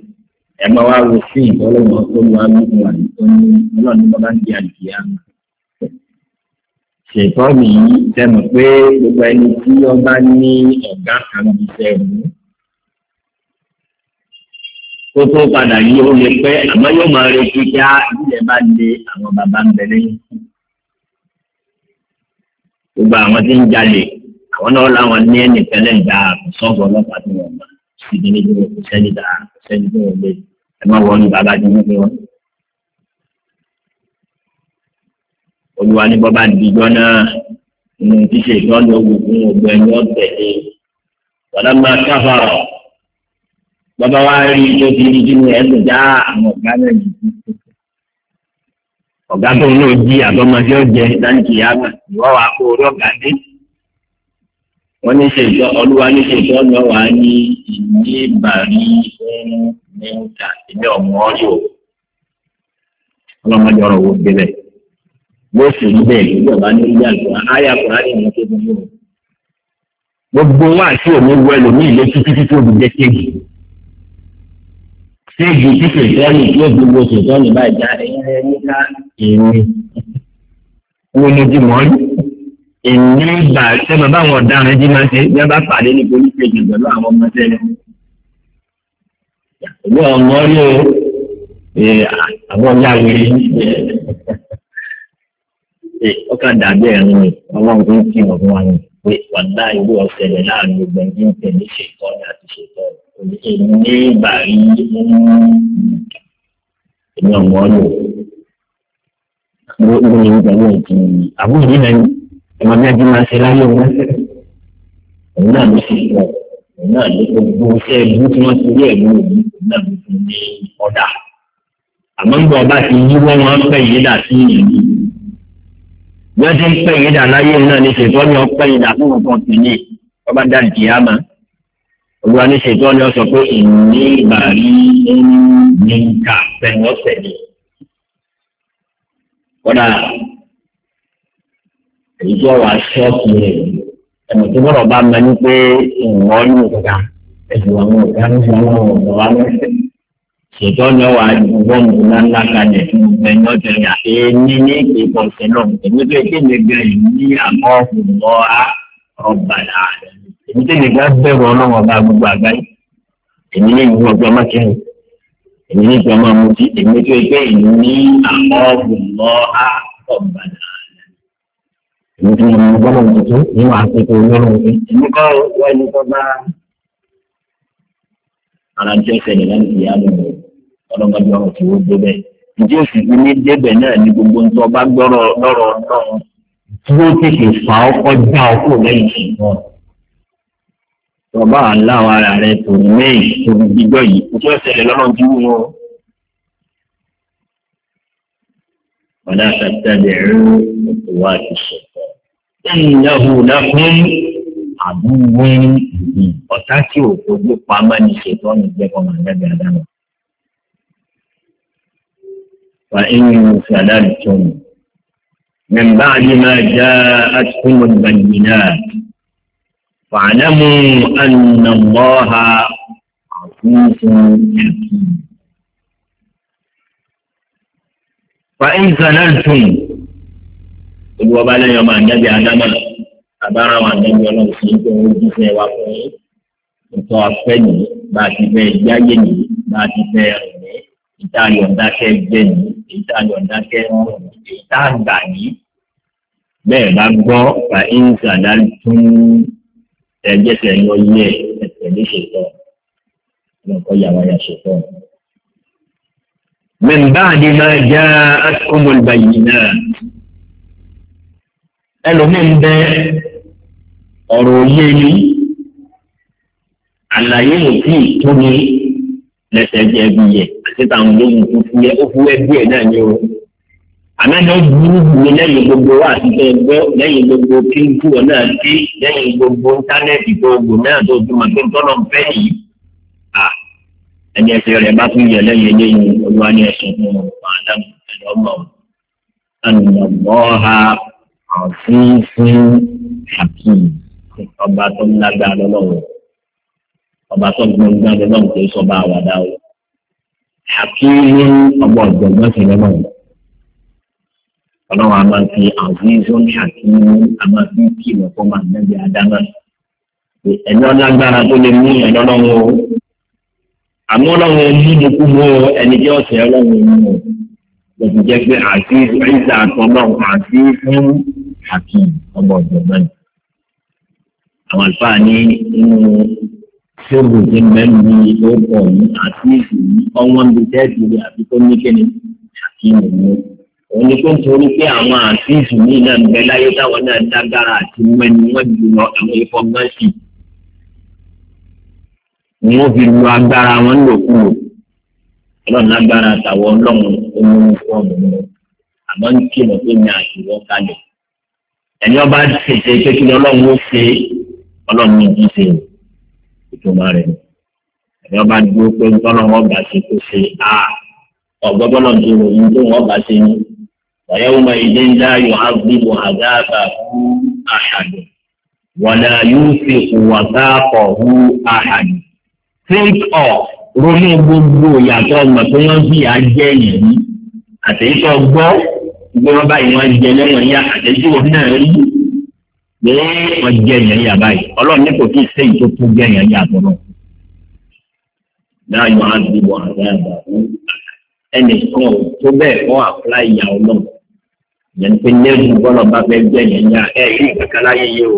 Speaker 1: ẹ máa wá wo sí ìbọ́lọ́mọ tó wá nínú àyè tó ní ọlọ́run bá bá ń di àdìyá mi. ṣètò mi sẹ́nu pé gbogbo ẹni tí wọ́n bá ní ọ̀gá kan bí sẹ́nu. tó tó padà yí ó lè pẹ́ àmọ́ yóò máa retí kí á ilẹ̀ bá lé àwọn bàbá ń bẹ lẹ́yìn. gbogbo àwọn tí ń jalè àwọn náà láwọn ní ẹnìkan lẹ́yìn dáa ah, kò ọlọ́pàá tó wọ̀ mọ́ ìdí méjì ló kù sẹ́yìn dáa sẹ́yìn tó wọlé ẹ má wọlé bàbá jẹ mọ́ wọn. olúwa ní bọ́bá dìjọ́ náà nínú ṣíṣe ìtọ́jú ogun ògbẹ́ ni ó tẹ̀lé wọ́n máa káfàrọ̀ bọ́bá wa rí tó ti rí kí ni ẹ̀ tó já àwọn ọ̀gá náà yìí ọ̀gá tó ń lò jí àtọ́mọdé ọ̀jẹ̀ láǹkì yàgbà ìwọ́ wa kó orí ọ̀gá dé wọ́n ní ṣe ìjọ olúwa ní ṣe ìjọ ọ̀nà wa ní ìní ìbàrí ohun ní ìjà ìbí ọmọ ọ̀rẹ́ o ọlọ́mọdé ọ̀rọ̀ wo gbé bẹ́ẹ̀ bó sì ń bẹ́ẹ̀ ìjọba ní ìjà ìjọba àyà kò ráyè ní kéde ní o gbogbo wa àti òní wọ ẹlòmíì lé títí títí òbí jẹ kéèkì kéèkì tí kìrìtẹ́nì tí òbí wo kìrìtẹ́nì báyìí já ẹ̀yìn ẹ̀yìn ká ìrìn wọnú di mọ́rí èmi gbà ṣé bàbá àwọn ọ̀daràn jí máa ṣe bí wọ́n bá pàdé ní polisi station pẹ̀lú àwọn ọmọ tẹ́lẹ̀. ìwé ọmọ rí o àwọn ọ̀gá wèrè ọkà dàbí ẹ̀rín ni ọlọ́run tó ń kí wọn fún wa ni pé wàdá ìlú ọ̀sẹ̀lẹ̀ láàrin gbogbo ẹni ń tẹ̀lé ṣètọ́ àti ṣètọ́ èmi gbà rí èmi ọmọ yóò àbúrò nílẹ̀ yìí ìwọ ní ẹbí máa ṣe láyé wọn òun náà ló ṣe sọ òun náà ló gbogbo iṣẹ́ ìlú tí wọ́n ti rí ẹ̀mú òun náà ló fi ní ọ̀dà àmọ́ ń bọ̀ ọba ti yí wọ́n wọn pẹ̀ yìí dà sí ìlú bí wọ́n ti ń pẹ̀ yìí dà láyé náà ní ṣètò ní wọ́n pẹ̀ yìí dà fún nǹkan tìlẹ̀ ọba dá ìjìyà máa olùwà ní ṣètò ní wọ́n sọ pé ìní ìbàrí ní nǹka pẹ̀lú ọ̀sẹ̀ ni kódà èyí tí ọ̀rọ̀ aṣọ́ọ̀kì rẹ̀ ẹ̀mí tí wọ́n bá mọ ní pé ìwọ yóò ga ẹ̀sìn àwọn ọ̀gá ní àwọn ọ̀gá wa lọ́sẹ̀. ṣètò ọ̀nà wa gbọ́n mi ńlá ńlá kalẹ̀ ẹ̀yìn ọ̀tẹ̀ rẹ̀ àti ní ní ìpè ọ̀sẹ̀ náà èmi tó ké mi gan yìí ní àmọ́ ọ̀gbọ̀ ọba là èmi tó lè gbá bẹ̀rù ọlọ́run ọba gbogbo àgbáyé èmi ní ìlú ọgbẹ́ níbi ìgbọ́nà tuntun ní wàá tètè olóró nǹkan. èmi kọ́ wọ ẹni tó bá ara jẹ́ ìṣẹ̀lẹ̀ láti fi yá lọ́wọ́ ọlọ́gbàjọ́ ọ̀rọ̀ tí ó débẹ̀. ìdí òsì ti ní débẹ̀ náà ní gbogbo ń tọ́ bá gbọ́rọ̀ lọ́rọ̀ náà tí ó tètè fà ó kọjá ọkọ̀ lẹ́yìn ṣùgbọ́n. tọ́ba aláwọ̀ ara rẹ̀ tò ní méyì tóbi jíjọ́ yìí ojú ìṣẹ̀lẹ̀ lọ́nà tí wù wọ́n. wọ́n dá innahu lakum àbúwín ọ̀tá tí ò fojú pamọ́ ní ṣètò ọ̀nà ìjẹ́kọ̀ màdàbí àdámọ̀. Fa inú sàdáàlì tó ní. من بعد ما جاءتكم البينات فاعلموا أن الله عفوف حكيم فإن زللتم olùwọ́ba lẹ́yìn ọmọ àjẹbí adámà àbára àwọn àjẹbí ọlọ́run sí pé wọ́n jíṣẹ́ wa fún yín nǹkan afẹ́ yìí bá a ti fẹ́ yáyé yìí bá a ti fẹ́ rìn ìta yọ̀ǹdákẹ́ jẹ́ yìí ìta yọ̀ǹdákẹ́ rìn ìta àgbà yìí bẹ́ẹ̀ bá gbọ́ fa ínsàdá tún ẹgbẹ́sẹ̀ lọ yẹ ẹsẹ̀ ní ṣètọ́ lọ́kọ́ yàrá yà ṣètọ́. من بعد ما جاءتكم البينات ẹlòmíín bẹ ọ̀rọ̀ òye ni àlàyé mi kì í tó ni lẹ́sẹ̀ jẹ́ bí yẹ àti táwọn olóyún tó fi yẹ ó fi wẹ́ díẹ̀ náà ni o àmẹ́lẹ́ burúkú ni lẹ́yìn gbogbo wa àti bẹ́ẹ̀ gbọ́ lẹ́yìn gbogbo kíńtù náà dé lẹ́yìn gbogbo íńtánẹ́ẹ̀tì gbogbo náà tó fi mọ̀ pé tọ́lọ̀ ń fẹ́ yìí ẹni ẹsẹ̀ rẹ̀ bá tún yẹ lẹ́yìn lẹ́yìn olúwa ní ẹ̀sìn fún ọmọ àdámù ẹ̀dọ́gbọ̀n ànàmọ́ ha àfihàn àti ọba tó ń lágbára lọ́wọ́ ọba tó ń gbọ́ngbọ́n lọ́wọ́ tó sọ́ba àwàdà o àfihàn ọba ọ̀jọ̀gbọ́n sì lọ́wọ́ ọlọ́wọ́ a máa fi àfihàn àti a máa fi kìlọ̀ fún màá nẹ́bí àdámà ẹni ọlágbára tó lè mú ẹni ọlọ́wọ́ o àmọ́ ọlọ́wọ́ mímukú mú ẹni tí ọ̀sẹ̀ ọlọ́wọ́ mú o lọ́sùn jẹ́ pé àti ìsà àtọ́lọ́ àti fún hakim ọmọ ọ̀jọ̀gbọ́n yìí. àwọn àlùfáà ní inú ṣéwù tí mẹ́rin ní orúkọ yìí àti ìlú ọwọ́n bíi tẹ́ẹ̀tì àti tó ní kíni hakim ọ̀hún. òun ni pé nítorí pé àwọn àti ìlú yìí náà ń bẹ láyé táwọn náà dágbára àti mẹ́ni wọ́n ju lọ àwọn ìfọ̀mọ́sì ni wọ́n fi lu agbára wọn lòkulò ọlọ́run lágbára àtàwọn ọlọ́run ó mú fọ́ọ̀mù náà àmọ́ ń kí lọ pé ní àṣìwọ́ kalẹ̀ ẹni ọba tètè pé kí ni ọlọ́run ó ṣe ọlọ́run ní ìdí ṣe ìtumọ̀ rẹ̀ ẹni ọba dúró pé ntọ́lọ́run ọba ṣe kó ṣe a ọgbọ́gbọ́nà tó rò ní tó wọ́n bá ṣe ní wàyẹ̀ wọ́n ìdí ńlá yọ agbébò àdáàbà fún àṣàdù wọ̀nà yóò fi wàtá kọ̀ fún àṣàdù think of ronú gbogbo ìyàtọ̀ ọmọ tó wọ́n fi àjẹ́ yìí àtẹ̀yìntàn gbọ́ gbogbo wọn báyìí wọn jẹ lẹ́wọ̀n yá àtẹjú wọn náà rí pé wọn jẹ èèyàn yá báyìí ọlọ́run ní kò tí ì ṣe èyí tó tó jẹ èèyàn yá tọ́lọ́. náà yọ àdúgbò àgbà àgbà fún ẹnìkan ò tó bẹ́ẹ̀ kọ́ àpúlá ìyá ọlọ́run yẹn pé lẹ́yìn bọ́lọ̀ bá fẹ́ jẹ èèyàn yá ẹ̀ yí kankan láyé o.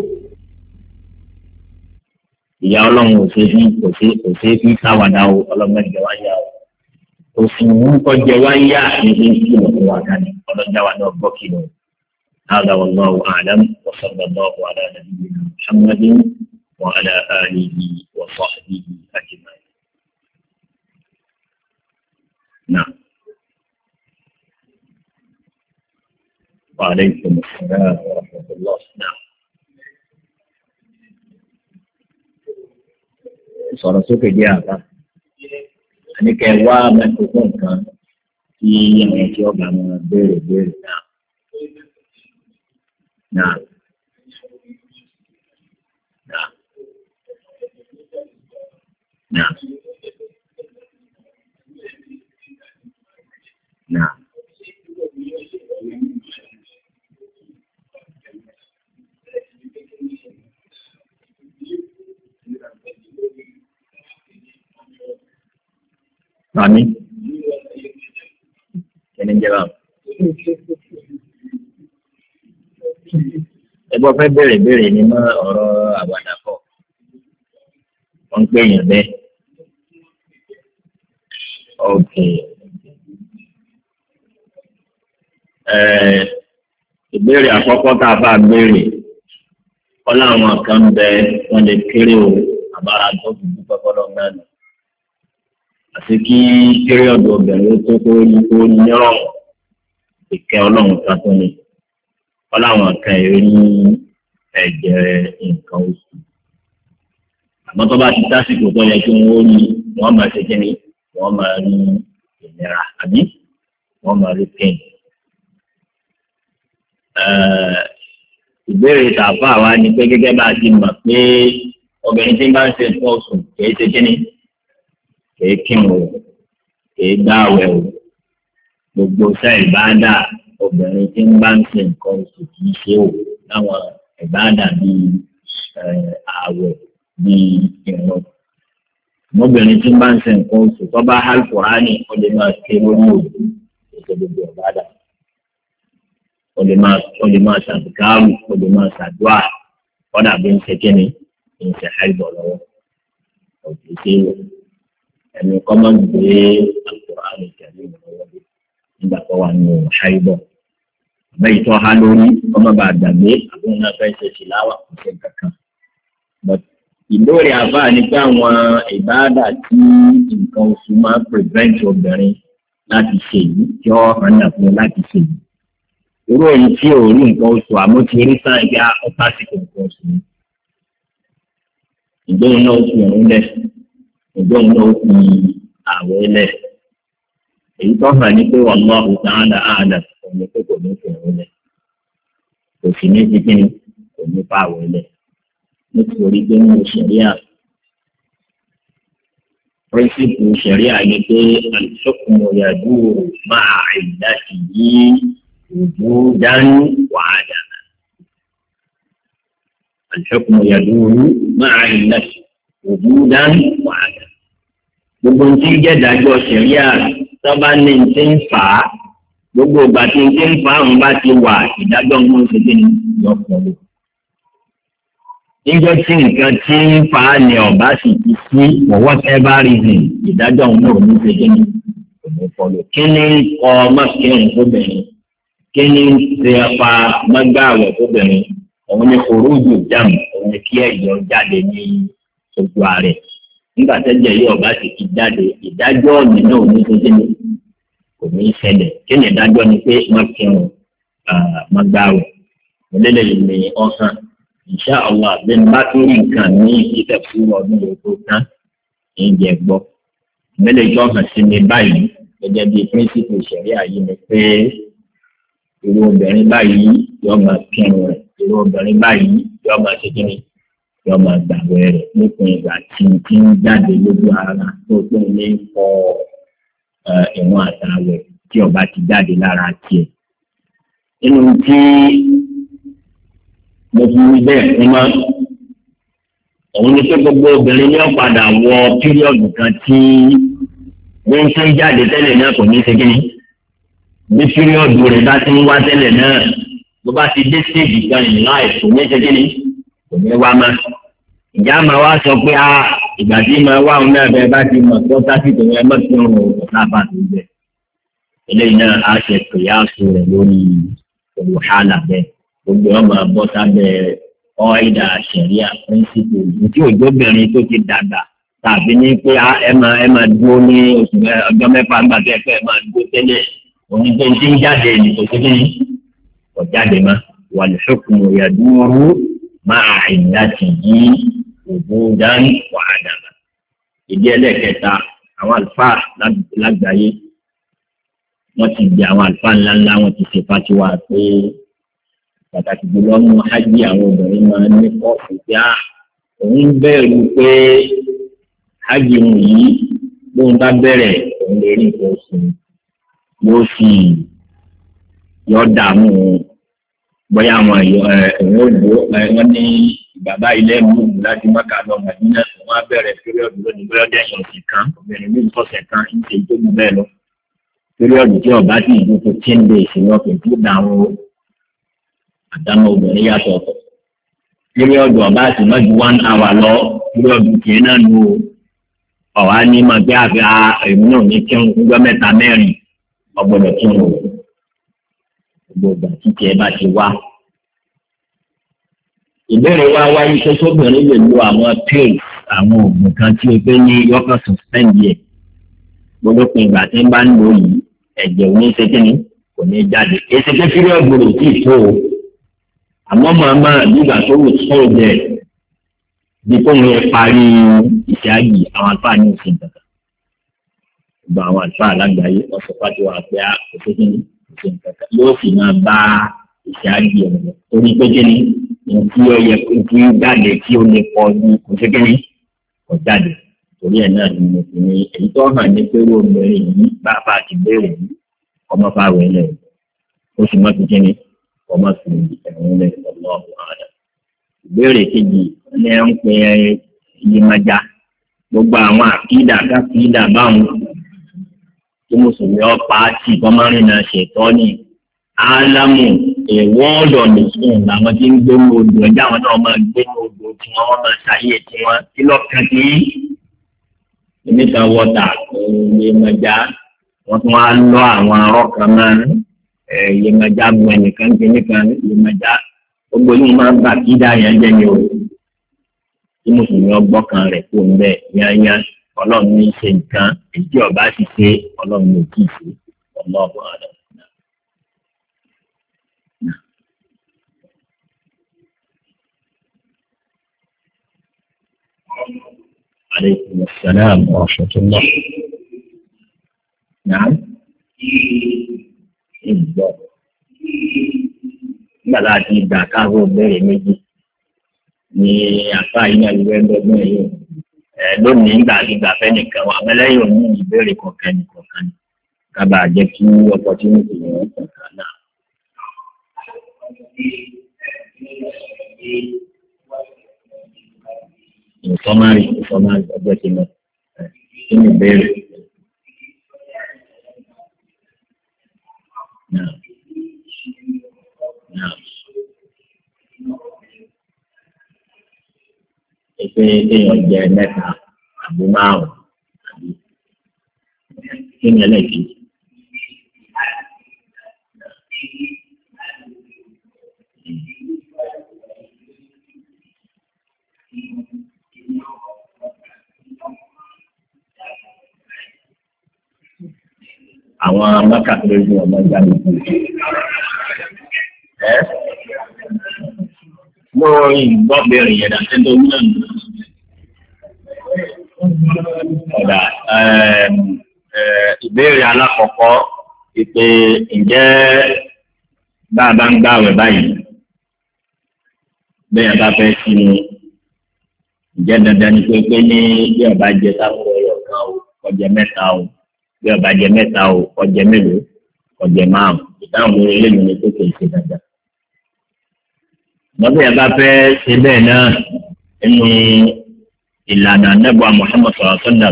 Speaker 1: ìyá ọlọ́run ò ṣe fi kò ṣe kò ṣe fi sáwàdà o ọlọ́run ẹ̀jẹ̀ wá yá o. òfìwú kọjá جوايا ń yá níbi tí mo fún wa kan هذا والله أعلم وصلى الله على نبينا محمد وعلى آله وصحبه أجمعين نعم وعليكم السلام ورحمة الله نعم صار سوق جاء ní kẹ wá microphone kan tí àwọn tí ọba máa béèrè béèrè náà. Náà. Náà. bọ́ fẹ́ bẹ̀rẹ̀ bẹ̀rẹ̀ ni mọ́ ọ̀rọ̀ àwàdà kọ́ wọ́n ń pè yàn bẹ́ẹ̀. Okay. ìbéèrè àkọ́kọ́ tá a bá béèrè wọ́n láwọn kan bẹ wọ́n lè kéré o àbára tó fi dúpẹ́ fọ́lọ́ náà nù. àti kí kéré ọ̀dọ̀ obìnrin tó kó ní kó ní ọ̀rọ̀ ìkẹ́ ọlọ́run kan tó ní wọ́n láwọn kan èrè ní ẹ̀jẹ̀ nǹkan oṣù àmọ́ tó bá ti tásìkò tó yẹ kí wọ́n rí wọ́n máa ṣe kí ni wọ́n máa rí ìnira àbí wọ́n máa rí pain. ìbéèrè tààfà wa ni pé gẹ́gẹ́ bá a ti mọ̀ pé obìnrin tí ń bá ń ṣe nǹkan oṣù kì í ṣe kí ni kì í kírun o kì í gbá àwẹ̀ o gbogbo sẹ́ ìbáàdà obìnrin tí ń bá ń ṣe nǹkan oṣù kì í ṣe ò láwọn ìbáàdà bíi ààwẹ̀ bíi ìrun. ọmọbìnrin tí ń bá ń ṣe nǹkan oṣù tó bá hàlùkùránì ó lè máa ké lórí òbí ètò gbogbo ìbáàdà ó lè máa ó lè máa ṣàbùkárù ó lè máa ṣàdúrà kọ́dà bí ń ṣe kíni ń ṣe àìbọ̀ lọ́wọ́ òbí ṣe ẹni kọ́ máa ń gbé àlùkùránì tẹ̀lé ìrànlọ́wọ́ bíi nígbà tó wà nù ṣáìbọ̀ àbẹ́ ìtọ́ ha lórí ọmọ bá dàgbé àbúrò náà fẹ́ ṣe sí láwà kò ṣe kankan. ìlóore àbá ni pé àwọn ìbáàdà tí nǹkan oṣù máa prevent obìnrin láti ṣe yìí tí ó hànà fún láti ṣe yìí. irú èyí tí ò rí nǹkan oṣù àmọ́ ti rí sáà ìgbà ọ̀tá sí nǹkan oṣù yìí ìgbóhùn náà fi ọ̀run lẹ̀ ìgbóhùn náà fi àwẹ̀ lẹ̀ èyí tó hàn ní pé wà lọ àwùjọ àdá àdá òní pé kò ní fi òun lẹ kò sì ní ti kí ni kò ní fa òun lẹ nítorí pé wọn ò pírísìpù ṣẹríà ni pé àìsókun òyàdú máa àìdá sí yí ojú dání wàhálà àìsókun òyàdú máa àìdá sí ojú dání wàhálà gbogbo ní jẹ́ dájọ́ ṣẹríà tọ́ba ní ti ń fà á gbogbo ìgbà tí ti ń fà á òun bá ti wà ìdájọ́ ń mú ṣẹ́gi ní ìyọkọ̀ lò. Níjọ́ tí nǹkan ti ń fà á ní ọ̀bá sì ti sí for whatever reason ìdájọ́ ń mú òun ṣẹ́gi ní ìyọkọ̀ lò. Kí ni ọ mọ́kìrìn fóbìnrin? Kí ni ṣe apá mọ́gbàwẹ̀ fóbìnrin? Òun ni kòrúùjù jàm, òun ni kí ẹ̀yọ́ jáde ní ojú ààrẹ nígbà tẹ́jẹ̀ yìí ọba ti ti jáde ìdájọ́ ọ̀nì náà ò ní ṣojú ni kò ní í ṣẹlẹ̀ kí ni ìdájọ́ ni pé wọ́n kírun wọ́n gbá rẹ̀ ìlélẹ́yìn ni ọ̀sán ìṣá àwọn àgbẹ̀ bá tún rí nǹkan ní ìfẹ́ fún ọdún yìí tó tán ní ìjẹ́ gbọ́ ìmẹ́lẹ̀ ìjọ hàn sí mi báyìí gẹ́gẹ́ bí píríncípù ìṣẹ̀ríà yìí ni pé irú obìnrin báyìí yọ yọ máa gbàgbé rẹ̀ nípìn ìgbà tí n ti ń jáde lójú ara tó tó ní kọ ìwọ̀n àtàwẹ̀ tí ọba ti jáde lára tiẹ̀. inú tí mo fi wí bẹ́ẹ̀ fún mọ́ òun ni pé gbogbo obìnrin ní ọ̀padà wọ píríọ̀dù kan tí wọ́n ti ń jáde tẹ́lẹ̀ náà kò ní í ṣe kí ni bí píríọ̀dù rẹ̀ bá ti ń wá tẹ́lẹ̀ náà bó bá ti dé stéèjì kan ìlà ẹ̀sùn ní ṣe kí kò ní wá má ìjà máa wá sọ pé a ah, ìgbà tí máa wá òun náà bẹ́ẹ̀ bá ti mọ̀ tó sásìkò yẹn mọ̀ tí òun ò sábà tó bẹ̀ eléyìí náà á ṣe kìyàsó rẹ̀ lórí òwò hàlà bẹ́ẹ̀ gbogbo wọn máa bọ́ sábẹ́ ọ̀ẹ́dà sẹ̀ríà píńsípù tí òjòbìnrin tó ti dàgbà tàbí ní pé ah, ẹ máa ẹ máa dúró ní oṣù ọjọ́ mẹ́fà ńgbà tẹ́ fẹ́ máa dúró tẹ́lẹ̀ oníṣẹ́ ń jáde ní kò sí ní ọ̀jáde má wàlúṣọ́kùn ìyàdúró máa ìdájì yìí òbó dání wàhálà ìdí ẹlẹ́ẹ̀kẹta àwọn àlùfáà lágbàáyé wọ́n ti di àwọn àlùfáà ńláńlá wọ́n ti ṣe fatiwa pé pàtàkì jùlọ mú hajj àwọn obìnrin máa ní kọ́ọ̀fù pé à ah, òun bẹ̀rù pé hajj òun yìí bóun bá bẹ̀rẹ̀ òun lè rí nǹkan oṣù yóò sì yọ dààmú òun bóyá àwọn ẹ̀wọ̀n òyìnbó wọ́n ní bàbá ilé mú láti mọ́kà lọ màdínà wọ́n á bẹ̀rẹ̀ píríọ̀dù lónìí bóyá ọdẹ ẹ̀yàn ọ̀sẹ̀ kan obìnrin ní ìfọ̀sẹ̀ kan ń ṣe tó mú bẹ́ẹ̀ lọ píríọ̀dù tí ọba ti ìlú tó ten days ni wọ́n fi tó dà wọn o àdámọ́ obìnrin yàtọ̀ ọ̀tọ̀ píríọ̀dù ọba ti mọ́ ju one hour lọ píríọ̀dù kìí náà nu ọ̀wá ní mọ̀ pé àfi gbogbo ìgbà títí ẹ bá ti wá. ìbéèrè wa wáyé pé sóbìnrin lè lo àwọn pills àwọn oògùn kan tí o pé ní yọkàn suspend yẹ gbogbo pin ìgbà tí ń bá ń lò yìí ẹ̀jẹ̀ ò ṣe kí ni kò ní jáde èsì pé fílẹ̀ ọ̀gbọ̀rọ̀ tí ì tó o àmọ́ màmá nígbà tó wù tó o bẹ̀ bí kò ní parí iṣẹ́ àgbì àwọn àlùfáà ní òsì gbàgbà gbogbo àwọn àlùfáà lágbàáyé ọ̀sọ̀ pàtó àpẹ́ àkókò kí ni yóò fi máa bá ìṣáájú ẹ̀ torí pé ni nǹkú ẹyẹ nǹkú jáde tí ó lè pọ̀ ju kò kò jáde. torí ẹ̀ náà ni mo fi ní èyí tó hàn ní pé wọ́n mẹ́rin yìí bàbá àti béèrè yìí ọmọ bá wẹ̀ lẹ̀ ó sì má fi kíni ọmọ fi ẹ̀wọ̀n lẹ̀ lọ́wọ́ àdá. ìbéèrè kejì ní ẹ̀ ń pè é ìyẹmájà gbogbo àwọn àkídà káfíńdà báwọn tí mùsùlùmí ọ̀pá tì bọ́mọ́rìnà ṣètọ́ ni álámù èèwọ̀ ọ̀dọ̀ nìkan làwọn tí ń gbé ní odò ẹ̀jẹ̀ àwọn náà máa gbé ní odò tí wọ́n wọ́n máa ṣàyè tí wọ́n kí lọ́kàn tí níta wọ́tà ìyèmẹ̀já wọ́n tún wá lọ àwọn arọ́ kan máa ń ìyèmẹ̀já bu ẹnìkan kìnnìkan ìyèmẹ̀já gbogbo yìí máa ń bà kí dáa yẹn jẹ́ ni o tí mùsùlùmí ọgbọ́kàn rẹ̀ kó ń bẹ́ẹ̀ yányá ọlọ́run ní ṣe nǹkan èyí ọba ti ṣe ọlọ́run ní kí ṣe ọlọ́run àdá. عليكم السلام ورحمة الله نعم إذا بلا تيدا كاغو بيري ميجي ni àfáà yìí náà ló ń bẹ bẹ́ẹ̀ yìí ẹ lónìí gbàgbà fẹ́nìkan wà abẹ́lẹ́yìn òní ìbéèrè kọ̀ọ̀kan nìkọ̀ọ̀kan ni kábà jẹ́ kí opportunity yẹn kọ̀ọ̀kan náà. Ìsọmárì ìsọmárì ọjọ́ ti lọ kí ni ìbéèrè. Yeah. Yeah. pé kéèyàn jẹ mẹ́ta àbí márùn àbí kéèyàn lẹ́ẹ̀kì. Àwọn amákàtúndínlógún ọmọ ìgbàlódé mo ìgbọ́ bẹ̀rẹ̀ yẹn dàtẹ́ tó ní ọ̀nà. ọ̀dà ìbéèrè alákọ̀ọ́kọ́ ìpè ǹjẹ́ bá a bá ń gbààwẹ̀ báyìí bẹ́ẹ̀ bá fẹ́ sí ni ǹjẹ́ dandan ni pé pé ní bí ọba jẹ sáfù ọyọ kan o ọjẹ mẹ́ta o bí ọba jẹ mẹ́ta o ọjẹ mélòó ọjẹ márùn ìdáhùn lórí eléyìí ni pé kì í ṣe dandan mọ́tò yẹn bá fẹ́ ṣe bẹ́ẹ̀ náà nínú ìlànà anábọ̀ Muhammad sọ̀rọ̀ sọ́dà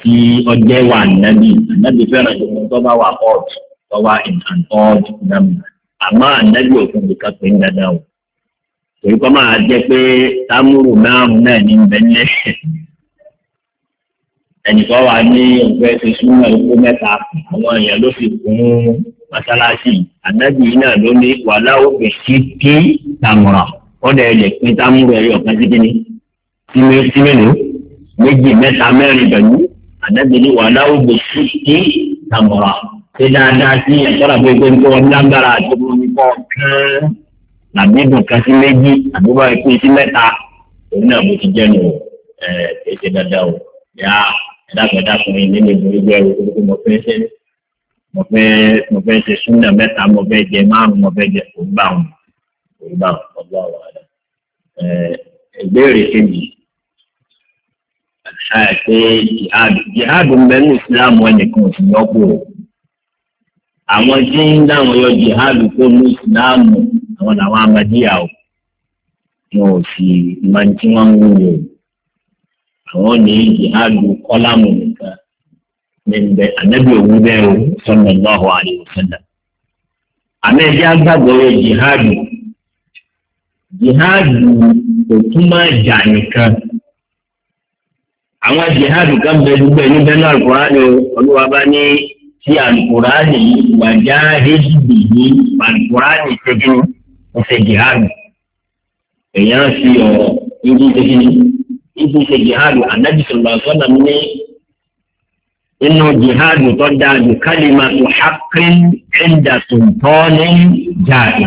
Speaker 1: tí ọjẹ́ wà nábì nábì fẹ́ràn ìlú tó bá wà hot tó wà in an hot number àmọ́ nábì òfin nìkan pé ń dandan o èyí kọ́ máa jẹ́ pé támúrù náà náà ní bẹ́ẹ̀ ẹnìkan wà ní ọgbẹ́ ṣe súnmọ́ ikú mẹ́ta àwọn èèyàn ló fi kún un mọ́sálásí ànábì yìí náà ló ní wàhálà òkè sí kí tàmùrà ọ̀dà ẹ̀lẹ̀ pín tàmùrù ẹ̀yọ̀ kan sí kíni sí mélòó méjì mẹ́ta mẹ́rin pẹ̀lú ànábì ní wàhálà òkè sí kí tàmùrà ṣé dáadáa sí ẹ̀sọ́ra pé pé nǹkan wọn lágbára àti wọn ní kọ́ kán làbí nǹkan sí méjì àdúgbò ìpín sí mẹ́ta òun náà bó ti jẹ́ nù ẹ̀ ẹ̀ ṣe dáadáa o yá ẹ̀dá mo fẹ́ mo fẹ́ ṣe súnà mẹ́ta mo fẹ́ jẹ márùn mo fẹ́ jẹ kò gbà ọgbà wọn ìbéèrè kejì jihad jihad islam ẹnìkan sì àwọn tí ń dáwọn yọ jihad islam àwọn làwọn wọn ò sì máa ń tí wọn ń àwọn ní jihad kọ́lámù nìkan. ní bẹ ànábì òwú bẹ́ẹ̀ o sallallahu alaihi wasallam. àmì ẹ̀jẹ̀ agbábọ̀ rẹ̀ jihadu jihadu kò túmọ̀ ìjà nìkan àwọn jihadu kan bẹ gbogbo ẹni bẹ náà alukurani o olúwa bá ní ti alukurani wàjá hejìbì yìí alukurani ṣẹ́gun ọ̀sẹ̀ jihadu èèyàn fi ọ̀rọ̀ ibi ṣẹ́gun ibi ṣe jihadu anabi sọ̀rọ̀ àfọ̀nà mi ní inú jihadu tó dáadu kálímà tó haqqin ẹ̀dà tó ń tọ́ ní jáde.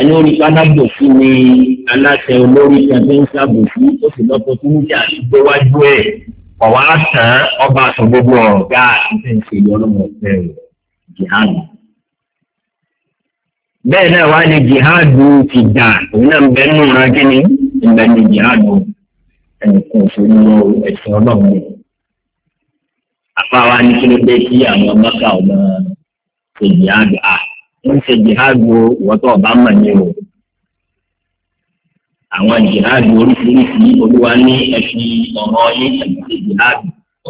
Speaker 1: ẹni orí pálábò fún mi aláṣẹ olórí tàbí ń sábò fún ó sì lọ́pọ̀ tó ń jà tó wájú ẹ̀ ọ̀wá tán ọba àtọ̀ gbogbo ọ̀gá àti ṣe ìyọlọ́mọ ọ̀fẹ́ jihadu. bẹ́ẹ̀ náà wá ní jihadu ti dà òun náà ń bẹ́ẹ̀ nù ránkínní ń bẹ́ẹ̀ ní jihadu ẹnì kan fún mi ẹ̀sìn ọlọ́run àfáwa ní kí ló dé kí àwọn mọ́kà ọmọ ṣe jihadu à ń ṣe jihadu ìwọ́tọ̀ ọba mọ̀ ní o àwọn jihadu oríṣiríṣi olúwa ní ẹ̀fí ọmọ yín àti ṣe jihadu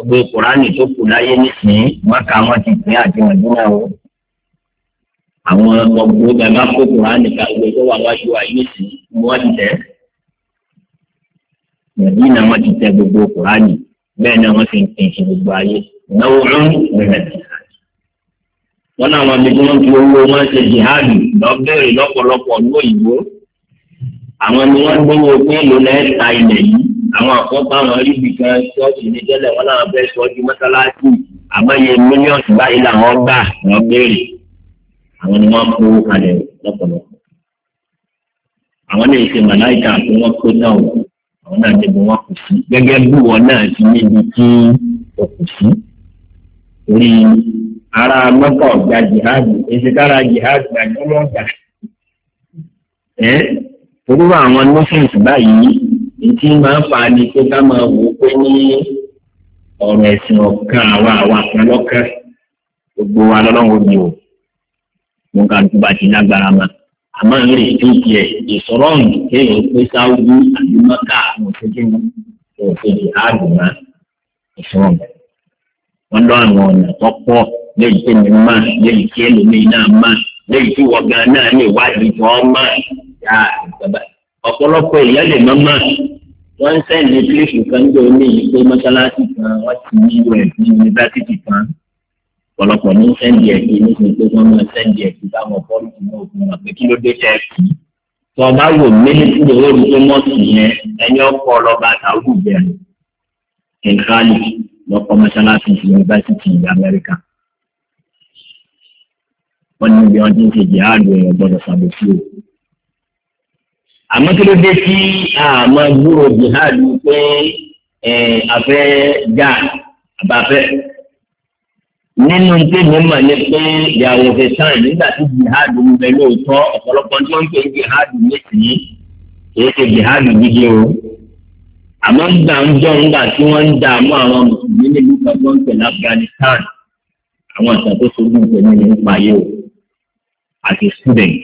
Speaker 1: gbogbo kùránì tó kù láyé nísìnyí mọ́kà wọn ti pín àti mọ̀dúnrà o àwọn ọgbọ́n bàbá kó kùránì ká gbogbo tó wà wájú wa yín nísìnyí wọ́n ti tẹ̀ mọ̀dúnrà wọn ti tẹ̀ gbogbo kùránì bẹ́ẹ̀ náà wọ́n ti ń pín gbogbo ayé náwó mìíràn wọn náà wọn bí tí wọn fi owó wọn ṣe jihadi lọ bẹ̀rẹ̀ lọ́pọ̀lọpọ̀ lóyìnbó àwọn ni wọn gbówó pé ló lẹ ta ilẹ̀ yìí àwọn àkọ́kọ́ àwọn ríbi kan ṣọ́ọ̀ṣì ní tẹ́lẹ̀ wọn náà fẹ́ẹ́ ṣọ́ọ̀ṣì mọ́sálásì àmọye mílíọ̀nù báyìí làwọn gbà lọ bẹ̀rẹ̀ àwọn ni wọn kó kalẹ̀ lọ́pọ̀lọpọ̀ àwọn lè ṣe màláìka pé wọn kó náà àwọn náà ti wọn kù sí gẹ́gẹ́ bí wọn náà ti níbi tí o kù sí. rí ara mọ́kà gba jihad èsì kára jihad gbàgbọ́ ọ̀gá. ẹ orúkọ àwọn nọ́sẹ̀ǹs báyìí ìtí máa ń fa ni pé ká máa wò ó pé ní ọ̀rọ̀ ẹ̀sìn ọ̀kan àwa àwa gbogbo wa o mo ti lágbára ma àmọ́ ń rè tiẹ̀ ọ̀hún kéèyàn pé àbí àwọn wọn àwọn ọ̀nà tó pọ̀ léyìí tí mi máa léyìí tí ẹlòmíì náà máa léyìí tí wọ̀gá náà ní ìwádìí tó ọ́ máa yá ọ̀pọ̀lọpọ̀ èèyàn lè má máa wọ́n ń sẹ́ǹdì kílífù kan jẹ́ omi yìí pé mọ́ṣáláṣí kan wọ́n ti ní us ní yunifásitì kan ọ̀pọ̀lọpọ̀ ní sẹ́ǹdì ẹ̀kí ní ti pé wọ́n máa sẹ́ǹdì ẹ̀kí táwọn pọ́lìtì náà fún wọn pé kí ló dé tẹ́ ẹ̀kí tó o bá wò mílíọ̀nù lówó rúgbó mọ́ọ̀sì yẹn ẹni ọkọ̀ ọlọ́ba àtàwọn ìbẹ̀rẹ̀ nǹkan lọ́kọ́ mọ́ṣáláṣí yunifásitì ìlú amẹ́ríkà. wọ́n ní ibi ọdún ti jẹ́ àdó èèyàn gbọ́dọ̀ ṣàbòsí o. àmọ́ kí ló dé sí àmọ́ gbúrò jihad pé àfẹ́ já àbáfẹ́ nínú tí mo mọ̀ ní pé ìyàwó fi tán nígbà tí jihad ń bẹ lóòótọ́ ọ̀pọ̀lọpọ̀ tí wọ́n ń pè jihad nísìnyí kì í ṣe jihad gidi o àmọ́ ń gbà ń jọ ńgbà tí wọ́n ń dààmú àwọn mùsùlùmí nílùú kan tó ń pè láfghanistan àwọn àtàn tó sojú ń ní nípa o àti student.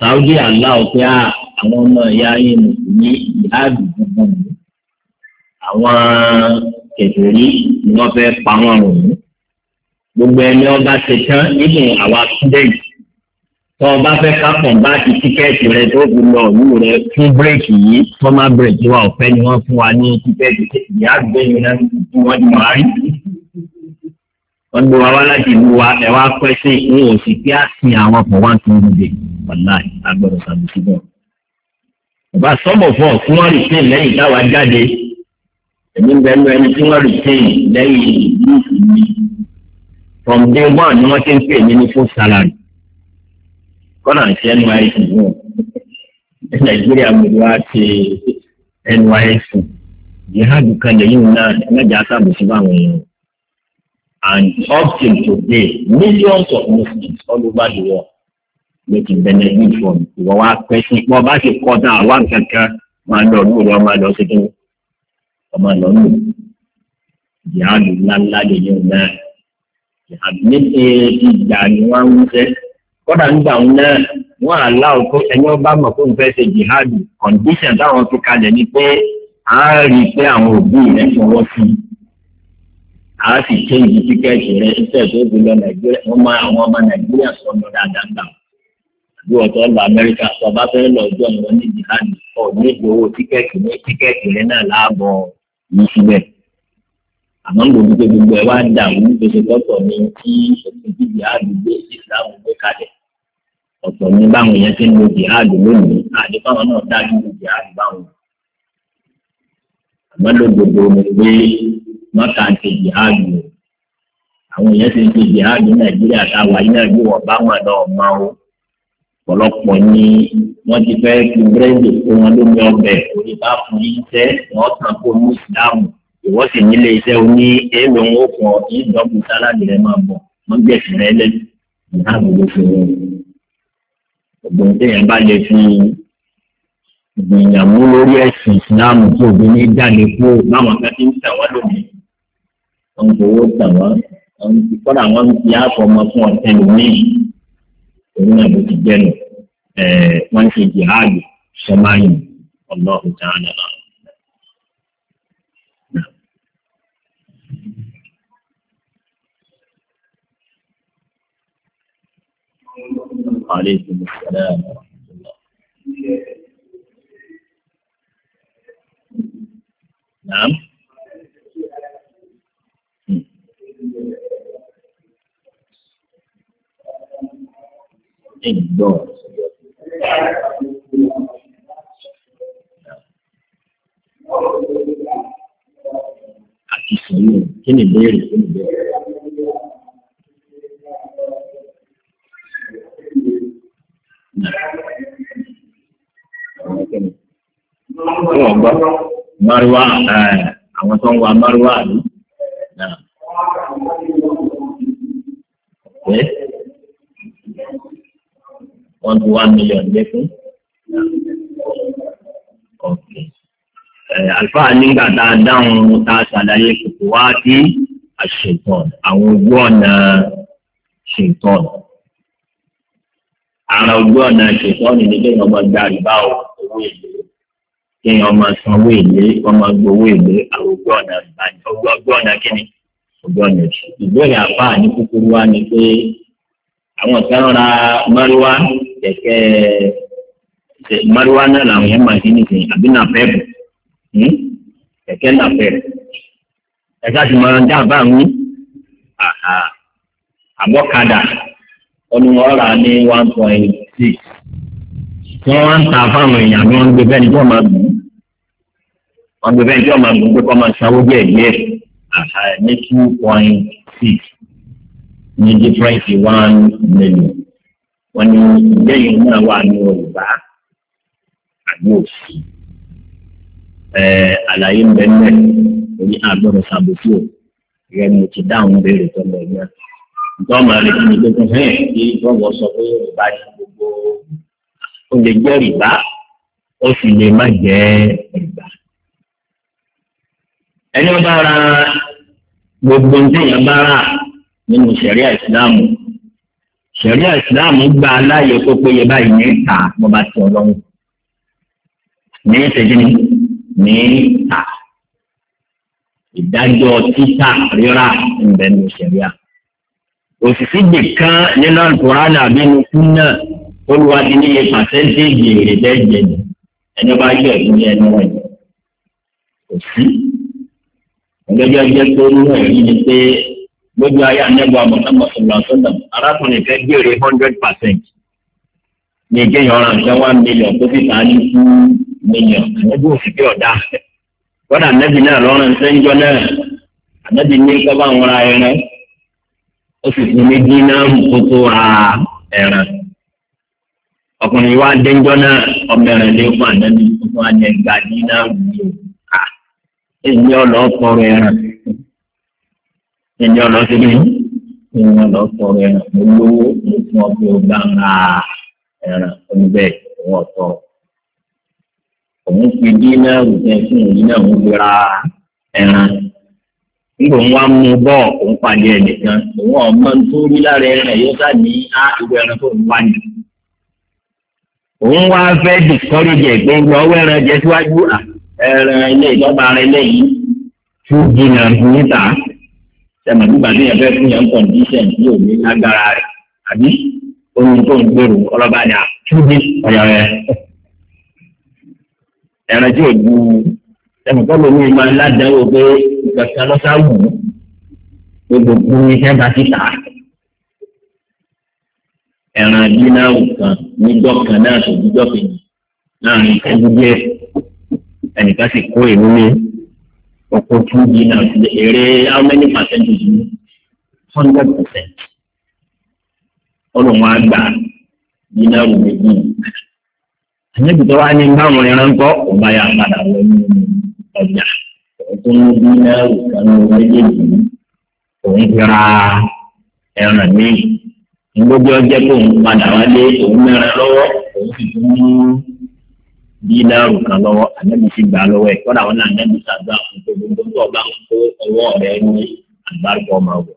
Speaker 2: saudi allah
Speaker 1: pé ah, àwọn ọmọ ìyá yín mùsùlùmí ìyá àdúgbò gbòòrò àwọn kẹfìrí ni wọ́n fẹ́ pa wọ́n rùn gbogbo ẹni ọba ṣe tán nínú àwa student tọ́ ọ bá fẹ́ kápọ̀ bá ti tíkẹ́ẹ̀tì rẹ tó fi lọ òwú rẹ fún bírèkì yìí tọ́mà bírèkì wa ọ̀fẹ́ ni wọ́n fún wa ní tíkẹ́ẹ̀tì ìyá àgbẹ̀yìn náà tí wọ́n ti wá rí. wọ́n gbé wa wá láti ìlú wa ẹ̀ wá pẹ́ sí ní òsì kí á sin àwọn for one two hundred wàlá agbọ̀dọ̀ sàbùsí bọ̀. ọba sọ́mọ̀ fún ọ tí wọ́n rí sí lẹ́yìn táwa jáde èmi from day one ni wọ́n ti ń kọ́nà ti nysc náà nàìjíríà gbogbo wa ti nysc jihad kan lẹ́yìn náà mẹ́jọ asábòsí báwọn èèyàn and up till today millions of muslims all over the world ló ti benefit from ìwọ wa pẹ́ sí pọ́ bá ṣe kọ́ náà wá kankan máa lọ lóòrè ọmọ lọ sí kí ọmọ lọ lóòrè jihad ńláńlá lẹ́yìn náà jihad méje ti jà ní wọ́n ń fẹ́ kódà nígbà wọn náà wọn àlá òkú ẹni ọba mọ̀ kó n ṣe jihadi condition táwọn fi kalẹ̀ ni pé a rí i pé àwọn òbí rẹ̀ fọwọ́ sí i a sì kéjì tíkẹ́ẹ̀tì rẹ̀ iṣẹ́ tó fi lọ nàìjíríà wọ́n máa àwọn ọmọ nàìjíríà sọ̀nù dáadáa gbà bí wọ́n tọ́ lọ amẹ́ríkà tó bá fẹ́ lọ ọjọ́ ìwọ́n ní jihadi ọ̀ ní ìdòwò tíkẹ́ẹ̀tì rẹ̀ tíkẹ́ẹ̀tì rẹ̀ náà láàbọ̀ yìí síbẹ̀ àmọ́ gbogbo pé gbogbo ẹ̀ wá dàrú gbèsè lọ́tọ̀ ní tí òfin ti jihadu gbé ìsìlámù gbé kalẹ̀ ọ̀tọ̀ ní báwọn yẹn ti ń lo jihadu lónìí àti báwọn náà dájú lo jihadu báwọn. àmọ́ lódodo ni pé mọ́ta ti jihadu àwọn yẹn ti ń ti jihadu nàìjíríà táwa yìí náà yóò wọ̀ báwọn náà mọ́ o ọ̀pọ̀lọpọ̀ ni wọ́n ti fẹ́ fi búrẹ́dì kó wọn lómi ọbẹ̀ orí bá fún yín tẹ́ wọ́n tàn kó ní ìsìlámù ìwọ sì nílé iṣẹ́ oní èèmì ń wò fún ìdọ́gbù sáláàdì rẹ máa bọ̀ wọ́n gbẹ̀sì rẹ lẹ́nu ìhà gbogbo fún wọn. ọ̀gbọ̀n téèyàn bá lè fi ìgbìyànjú lórí ẹ̀sìn ìsìláàmù tí òbí ní jáde kú báwọn kan ti ń tà wá lónìí. wọ́n ń fowó tà wá wọ́n ti kọ́ra wọ́n ti àpọ̀ ọmọ fún ọ̀tẹ́ lónìí. òun náà ló ti jẹ́ nù wọ́n ń ṣe jihad وعليكم السلام ورحمة الله نعم indoors. Àti sọ̀rọ̀ kí ni ìbéèrè kí ìbéèrè? wọ́n gbọ́ márùwá àwọn tó ń wa márùwá ni. wọ́n ti one million lẹ́kún. àlùfáà nígbà tá a dáhùn tá a ṣàlàyé kòkòrò wá sí àṣetọ̀ àwọn ojú ọ̀nà ṣetọ̀ àrà ojú ọ̀nà ṣètọ́ni ní kéèyàn ọmọ gba àríbá owó èlé kéèyàn ọmọ san owó èlé ọmọ gbowó èlé àrà ojú ọ̀nà ojú ọ̀nà kíni ojú ọ̀nà òṣì. ìbéèrè àpá ní kúkúrú wa ni pé àwọn kan ra mọ́ríwá kẹ̀kẹ́ mọ́ríwá náà làwọn yẹn máa hmm? ti ní sìn àbí nà pẹ́ẹ́pù kẹ̀kẹ́ nà pẹ́ẹ́pù ẹ̀ka ti mọ̀ ọ́n dáàbà ń wí àbọ̀kadà olùwọ́ra ní one point six tí wọ́n wá ń ta fáwọn èèyàn ni wọ́n ń gbé bẹ́ẹ̀ ni tí wọ́n máa gùn wọ́n gbé bẹ́ẹ̀ ni tí wọ́n máa gùn pé kọ́ máa ṣàwó díẹ̀ díẹ̀ ní two point six ní dífẹ́ǹsì one million wọ́n ní ìgbẹ́yìn náà wà ní Yorùbá àbí òsì àlàyé ń bẹ́ẹ̀ mẹ́rin orí àgbọ̀dọ̀ sàbòsí ò ìyẹn mo ti dáhùn béèrè tó lọ yẹn nítorí ọmọ rẹ̀ kí ni gbogbo hẹ́ẹ̀ kí wọ́n sọ pé rìbá ni gbogbo ó lè jẹ́ rìbá ó sì lè má jẹ́ rìbá. ẹni ó bá ra gbogbo nǹkan bá rà nínú sẹ̀ríà ìsìláàmù sẹ̀ríà ìsìláàmù gba aláyè kó péye báyìí ní ìta mo bá ti ọlọ́run ní ìṣèjìnnì ní ìta ìdájọ́ títà rírà ń bẹ nínú sẹ̀ríà òsìsì gbèkán nínú àkùránì àbínú fún náà olùwádìí ní iye pàṣẹ́ntéèjì èrè bẹ́ẹ̀ jẹ ní ẹni bá yẹ ẹ̀rí ní ẹni wọ̀nyí kò sí. gẹ́gẹ́ jẹ́ pé nínú ẹ̀rí ni pé gbogbo ayé anẹ́gbọ́ àmọ̀tánmọ̀ sọ̀rọ̀ sọ̀dà arákùnrin fẹ́ gbèrè hundred percent ní kéèyàn ọ̀ràn fẹ́ one million tó fi ta ní two million ànẹ́gbọ́ òsìkè ọ̀dà kọ́dà anẹ́bí náà lọ́rùn sẹ́ńjọ́ náà anẹ́bí ní kọ́ bá ń ra ẹran ó sì fún ní dínárù tó tó ra ẹ̀ràn ọkùnrin wa déńjọ́ náà ọbẹ̀rẹ̀ lé fún ànábi tó tó àjẹ gba dínárù yìí ká èyí ọ̀lọ́ tọrọ ẹ̀ràn èyí ọ̀lọ́ ti ní èyí ọ̀lọ́ tọrọ ẹ̀ràn olówó ló fún ọ pé ó gbà ń ra ẹ̀ràn oníbẹ̀ òun ọ̀tọ̀ òun fi dínárù tẹ̀ fún òun náà ń gbéra ẹ̀ràn nígbà òun mú bọ́ òun pàdé ẹnìkan òun ọmọ tó rí lára ẹran yóò sá ní á ìwé ẹran tó ń wá ní. òun wá fẹ́ dìkọ́rìjì ẹ̀gbẹ́ ìwé ọwọ́ ẹran jẹ síwájú ẹran ilé ìjọba ara ilé yìí tó jìnnà níta sẹ́mi nígbà tí yẹn fẹ́ fún yẹn kọ̀ǹdíṣẹ̀n tí ò ní lágbára rẹ̀ àbí omi tó ń gbèrò ọlọ́ba ni àtúndì ọ̀yọ̀ rẹ̀ ẹran tí ò ẹnìkan ló ní ìgbà ládàáwò pé ìgbàkan lọ́sà wù ú pé gbogbo iṣẹ́ bá ti tà á. ẹ̀ràn dínàwó kan níjọ́ kan náà tó níjọ́ kejì láàrin ìtẹ́jú díẹ̀ ẹnìkan sì kó èmi ní ọkọ̀ tó dínà èrè how many percent is it hundred percent ọlọ́run á gbà dínàwó méjì. àyẹ̀bùtọ́ wa ní báwọn ẹran kọ́ yà padà wọlé nínú ọjà tó ń bí náírà kan ní méjèèjì òun ra ẹran mi nígbójú ọjọ́ kó ń padà wálé òun mẹ́rin lọ́wọ́ òun sì tún mú bí náírà kan lọ́wọ́ ànábi sì gbà lọ́wọ́ ẹ̀ kọ́dà wọn náà ànábi sàgbà fún gbogbo tó ọba kó ọwọ́ rẹ̀ ní àgbàgbọ́ ọmọ wọ̀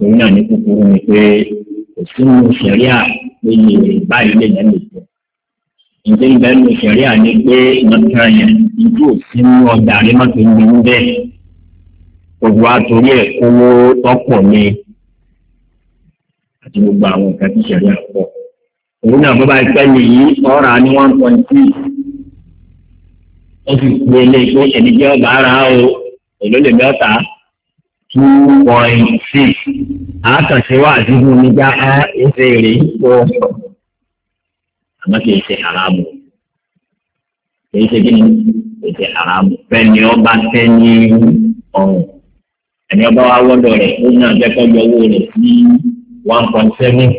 Speaker 1: òun náà ní kúkúrú ni pé kò sínú sẹ̀ríà pé báyìí lè yẹn lè ìdí ń bẹ́ẹ̀ ní sẹ̀rí àní pé nǹkan yẹn ìdí òsín ní ọjà rí má ti ní bẹ́ẹ̀ gbogbo àtòrí ẹ̀ kówó tọ́pọ̀ ni àti gbogbo àwọn nǹkan tí sẹ̀rí àpọ̀
Speaker 2: òun náà bó bá pẹ́ nìyí ọ̀rà
Speaker 1: ní one point three ó sì pé lé pé ẹni jẹ́ ọgbà ara o èló lè mẹ́ta two point six àákànṣe wà síbi nígbà á ẹsẹ̀ rèé pọ̀ àmọ́ kì í ṣe haramu kì í ṣe kí ni kì í ṣe haramu fẹ́ni ọba tẹ́ni ọ̀hún ẹni ọba wa wọ́dọ̀ rẹ̀ ó náà fẹ́kọ̀ọ́ yọ owó rẹ̀ sí one point seven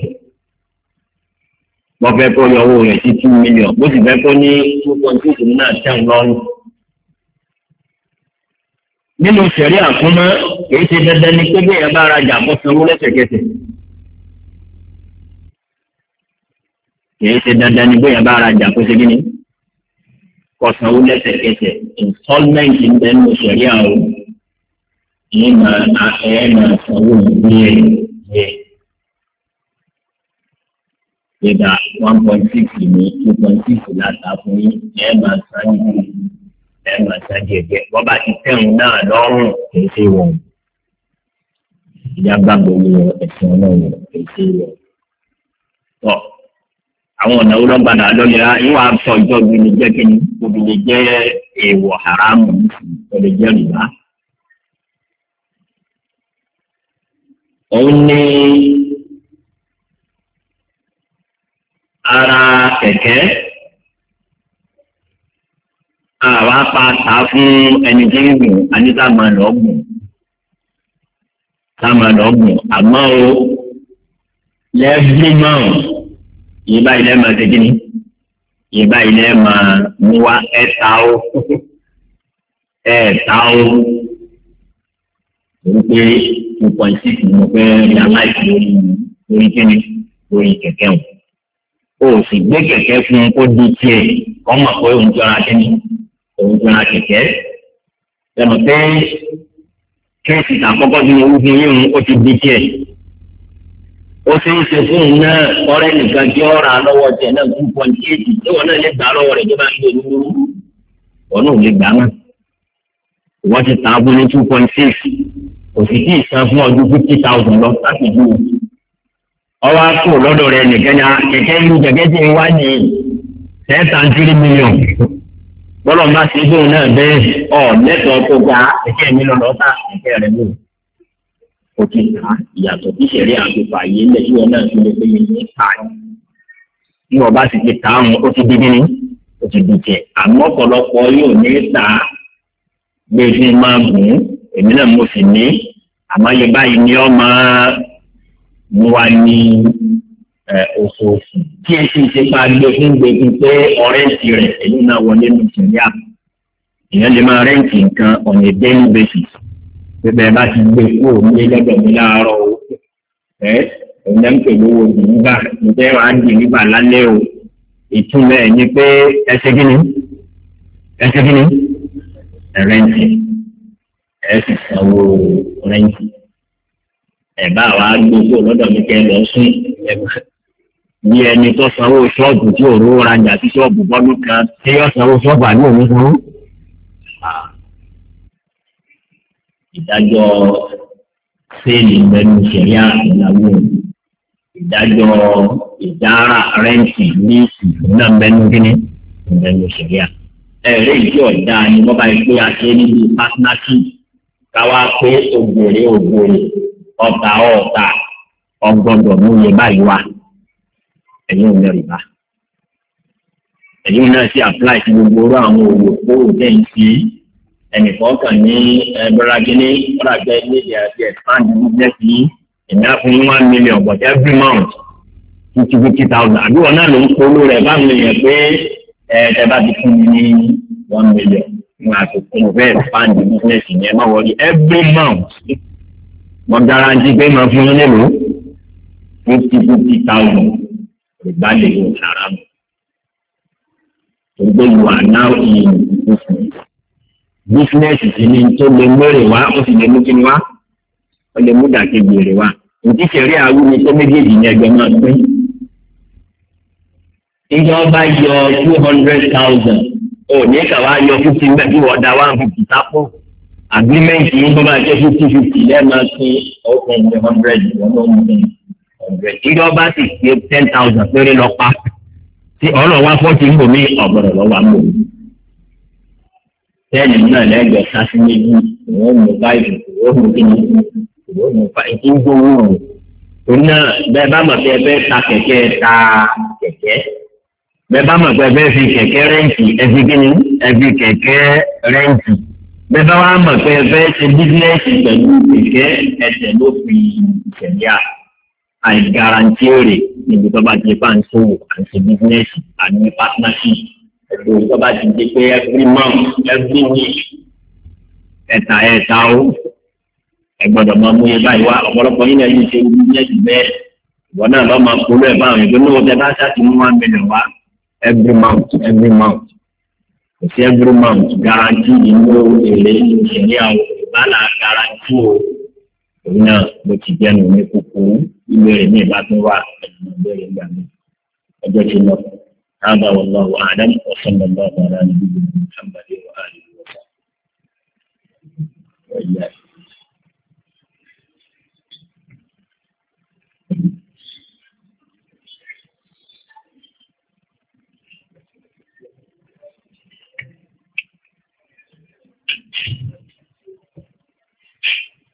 Speaker 1: wọ́n fẹ́ kọ́ yọ owó rẹ̀ sí two million bó sì fẹ́ kọ́ ní two point six náà tẹ̀wọ́n lọ́rùn nínú sẹ̀rí àkúnmọ́ kì ṣe dandan ni pé bí ẹ̀ bá rajà kó sanwó lẹ́sẹ̀kẹsẹ̀. kìí ṣe dandan ni bóyá bá rajà kó ṣe kíni kọsanwó lẹ́sẹ̀kẹsẹ̀ installment ń bẹ nínú sẹríà o yìí máa ẹ máa sanwó díẹ̀ díẹ̀ gbẹ̀dà one point six ní two point six láta fún yín ẹ máa san díẹ̀ ẹ máa san díẹ̀ díẹ̀ wọ́n bá ti tẹ̀hún náà lọ́rùn kìí ṣe wọ̀n ìjà gbàgbọ́ yìí ẹ̀sìn ọlọ́run kìí ṣe wọ̀n àwọn ọ̀nà olóńgbàdà lórí ra ìwà àfọ̀jọ́ bí lè jẹ́ kí ni òbí lè jẹ́ èèwọ̀ haramu kò lè jẹ́ rìbá. òun ní ara kẹ̀kẹ́ àwa pa ta fún ẹni tí ń gùn anita máa lọ gùn tá máa lọ gùn àmọ́ o lẹ́ẹ̀bí mọ́ yìí báyìí lẹ́ẹ̀ máa dégínì yìí báyìí lẹ́ẹ̀ máa mú wá ẹ̀ ta ó ẹ̀ ta ó wípé two point six ni mo fẹ́ ya láìsí lórí lórí kíni lórí kẹ̀kẹ́ o o sì gbé kẹ̀kẹ́ fún kó di tiẹ̀ kọ́ mọ̀ pé òun jọra kíni òun jọra kẹ̀kẹ́ lẹ́nu pé kí n sì tàkọ́kọ́ sínú owó fún yíyún ó ti di tiẹ̀. ó ṣe é ṣe fún un náà nìkan jẹ ọ̀rọ̀ lọwọ jẹ náà two point eight tí wọn náà lè gbà lọwọ rẹ̀ tó bá ń lò wọn náà lè gbà wọn ti tàn two point six fún ọdún fifty thousand lọ láti nìkan ń wá ní bá tó ga mi ó ti kà ìyàtọ̀ tí sẹ̀rí àtúfà yìí lẹ̀ tí wọn náà ti lè péye ní kà á wọn bá sì ti kà wọn ó ti di bíní ó ti di tiẹ̀ àmọ́ ọ̀pọ̀lọpọ̀ yóò ní ta gbé fún máa gùn èmi náà mo sì ní àmọ́ yẹ báyìí ni ọ máa mú wa ní oṣooṣù tí ẹ sì ṣe máa gbé fún gbèsè pé ọ̀rẹ́ǹtì rẹ̀ èyí náà wọlé nù sẹ̀rí à èèyàn lè máa rẹ́ǹtì nǹkan on a daily bẹ́ẹ̀ bá ti gbé kúrò ní ẹlẹ́gbẹ̀ẹ́ mi láàárọ̀ o ẹ ẹ̀yẹ ń pè lówó dìnígbà ǹjẹ́ wàá dìnígbà lálẹ́ o ìtumọ̀ ẹ̀ ni pé ẹsẹ̀ kí ni ẹsẹ̀ kí ni ẹ̀rẹ́ǹtì ẹ̀ sì sanwó rẹ́ǹtì ẹ̀ bá wàá gbé kúrò lọ́dọ̀ mi kẹ́ lọ sún bí ẹni tó sanwó ṣọ́ọ̀bù tí òru rajà sí ṣọ́ọ̀bù bọ́dún kan tí yóò sanwó ṣọ́ọ̀bù àbí òun sanwó. ìdájọ́ sẹ́ẹ̀lì pẹ̀lú sẹ̀ríà ìyàwó ìdájọ́ ìdára rẹ́ǹtì ní ìdúná mẹ́nu gíní pẹ̀lú sẹ̀ríà. ẹ̀rí ìjọ ìdá ni wọ́n bá gbé àṣẹ níbi pátánákì káwá pé ògbèrè ògbèrè ọ̀tà ọ̀tà ọgbọ́dọ̀ mú iye báyìí wá ẹ̀yìn ò lẹ́rìí bá. ẹ̀yìn náà sì àpláì sí gbogbo orú àwọn òwò kó o jẹ́ ìṣe ẹnìkan kàn ní ẹbẹrẹgìní eh, ọlọgbẹ nílẹ̀ àti expand business yìí ìdá fún one million but every month fifty fifty thousand àbúrò náà ló ń polówó rẹ̀ báwọn èèyàn pé eh, ẹ bá ti fún mi ní one million ní àsìkò fẹ́ expand business yìí ẹ má wọlé every month mo garanti pé màá fún yín nílùú fifty fifty thousand ìgbàlè yóò sára mi. Gbogbo you are now in bísínẹ́sì sì ni tó lè mẹ́rẹ̀ wá ó sì lè mú kíni wá ó lè mú dàkejì rẹ̀ wá ntí sẹ̀rí àwọn ni tó méjèèjì ní ẹgbẹ́ máa pín. ìjọ bá yọ two hundred thousand ò ní kàwá yọ fifty mbẹ́ kí wọ́n da one fifty sápò agbímẹ́ǹtì yìí bó bá jẹ́ fifty fifty lẹ́ẹ̀ma sí ọkùnrin ní hundred wọn ló ń hundred ìjọ bá sì pé ten thousand péré lọ pa tí ọ̀rọ̀ wá fọ́ọ̀tì ń bò mí ọ̀gbọ̀rọ̀ lọ́wọ́ àmọ́ òun bẹ́ẹ̀ni náà lẹ́gbẹ̀ẹ́ sáfì méjì wọ́n mú báyìí wọ́n mú kíni wọ́n mú báyìí tí ń gbówó o. òun náà bẹ́ẹ̀ bá mọ̀ pé ẹ fẹ́ ta kẹ̀kẹ́ ta kẹ̀kẹ́ bẹ́ẹ̀ bá mọ̀ pé ẹ fẹ́ fi kẹ̀kẹ́ rẹ́ǹtì ẹ fi kíni ẹ fi kẹ̀kẹ́ rẹ́ǹtì bẹ́ẹ̀ bá wà mọ̀ pé ẹ fẹ́ ṣe bísíǹsì pẹ̀lú kẹ̀kẹ́ ẹsẹ̀ ló fi ìṣẹ̀lẹ̀ à àìgaranti èrè níbi tó bá ti pa ń ṣòwò ètò ìjọba ti di pé every month every week ẹ̀ta ẹ̀ta o ẹ gbọ́dọ̀ máa mú yẹn báyìí wá ọ̀pọ̀lọpọ̀ yín náà yìí ṣe ní ẹ̀jú bẹ́ẹ̀ ìwọ náà lọ́ máa polú ẹ̀ báwọn ìgbẹ́ náà ọ̀tẹ̀ bá ṣáàtì mú one million wá every month every month kò sí every month garanti ìlú èlé ìṣẹ̀lẹ̀ àwọn ìbálà guarantee o èyí náà mo ti jẹ́nu ní هذا والله أعلم وصلى الله على نبينا محمد وآله وصحبه وإياه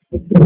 Speaker 1: Thank you.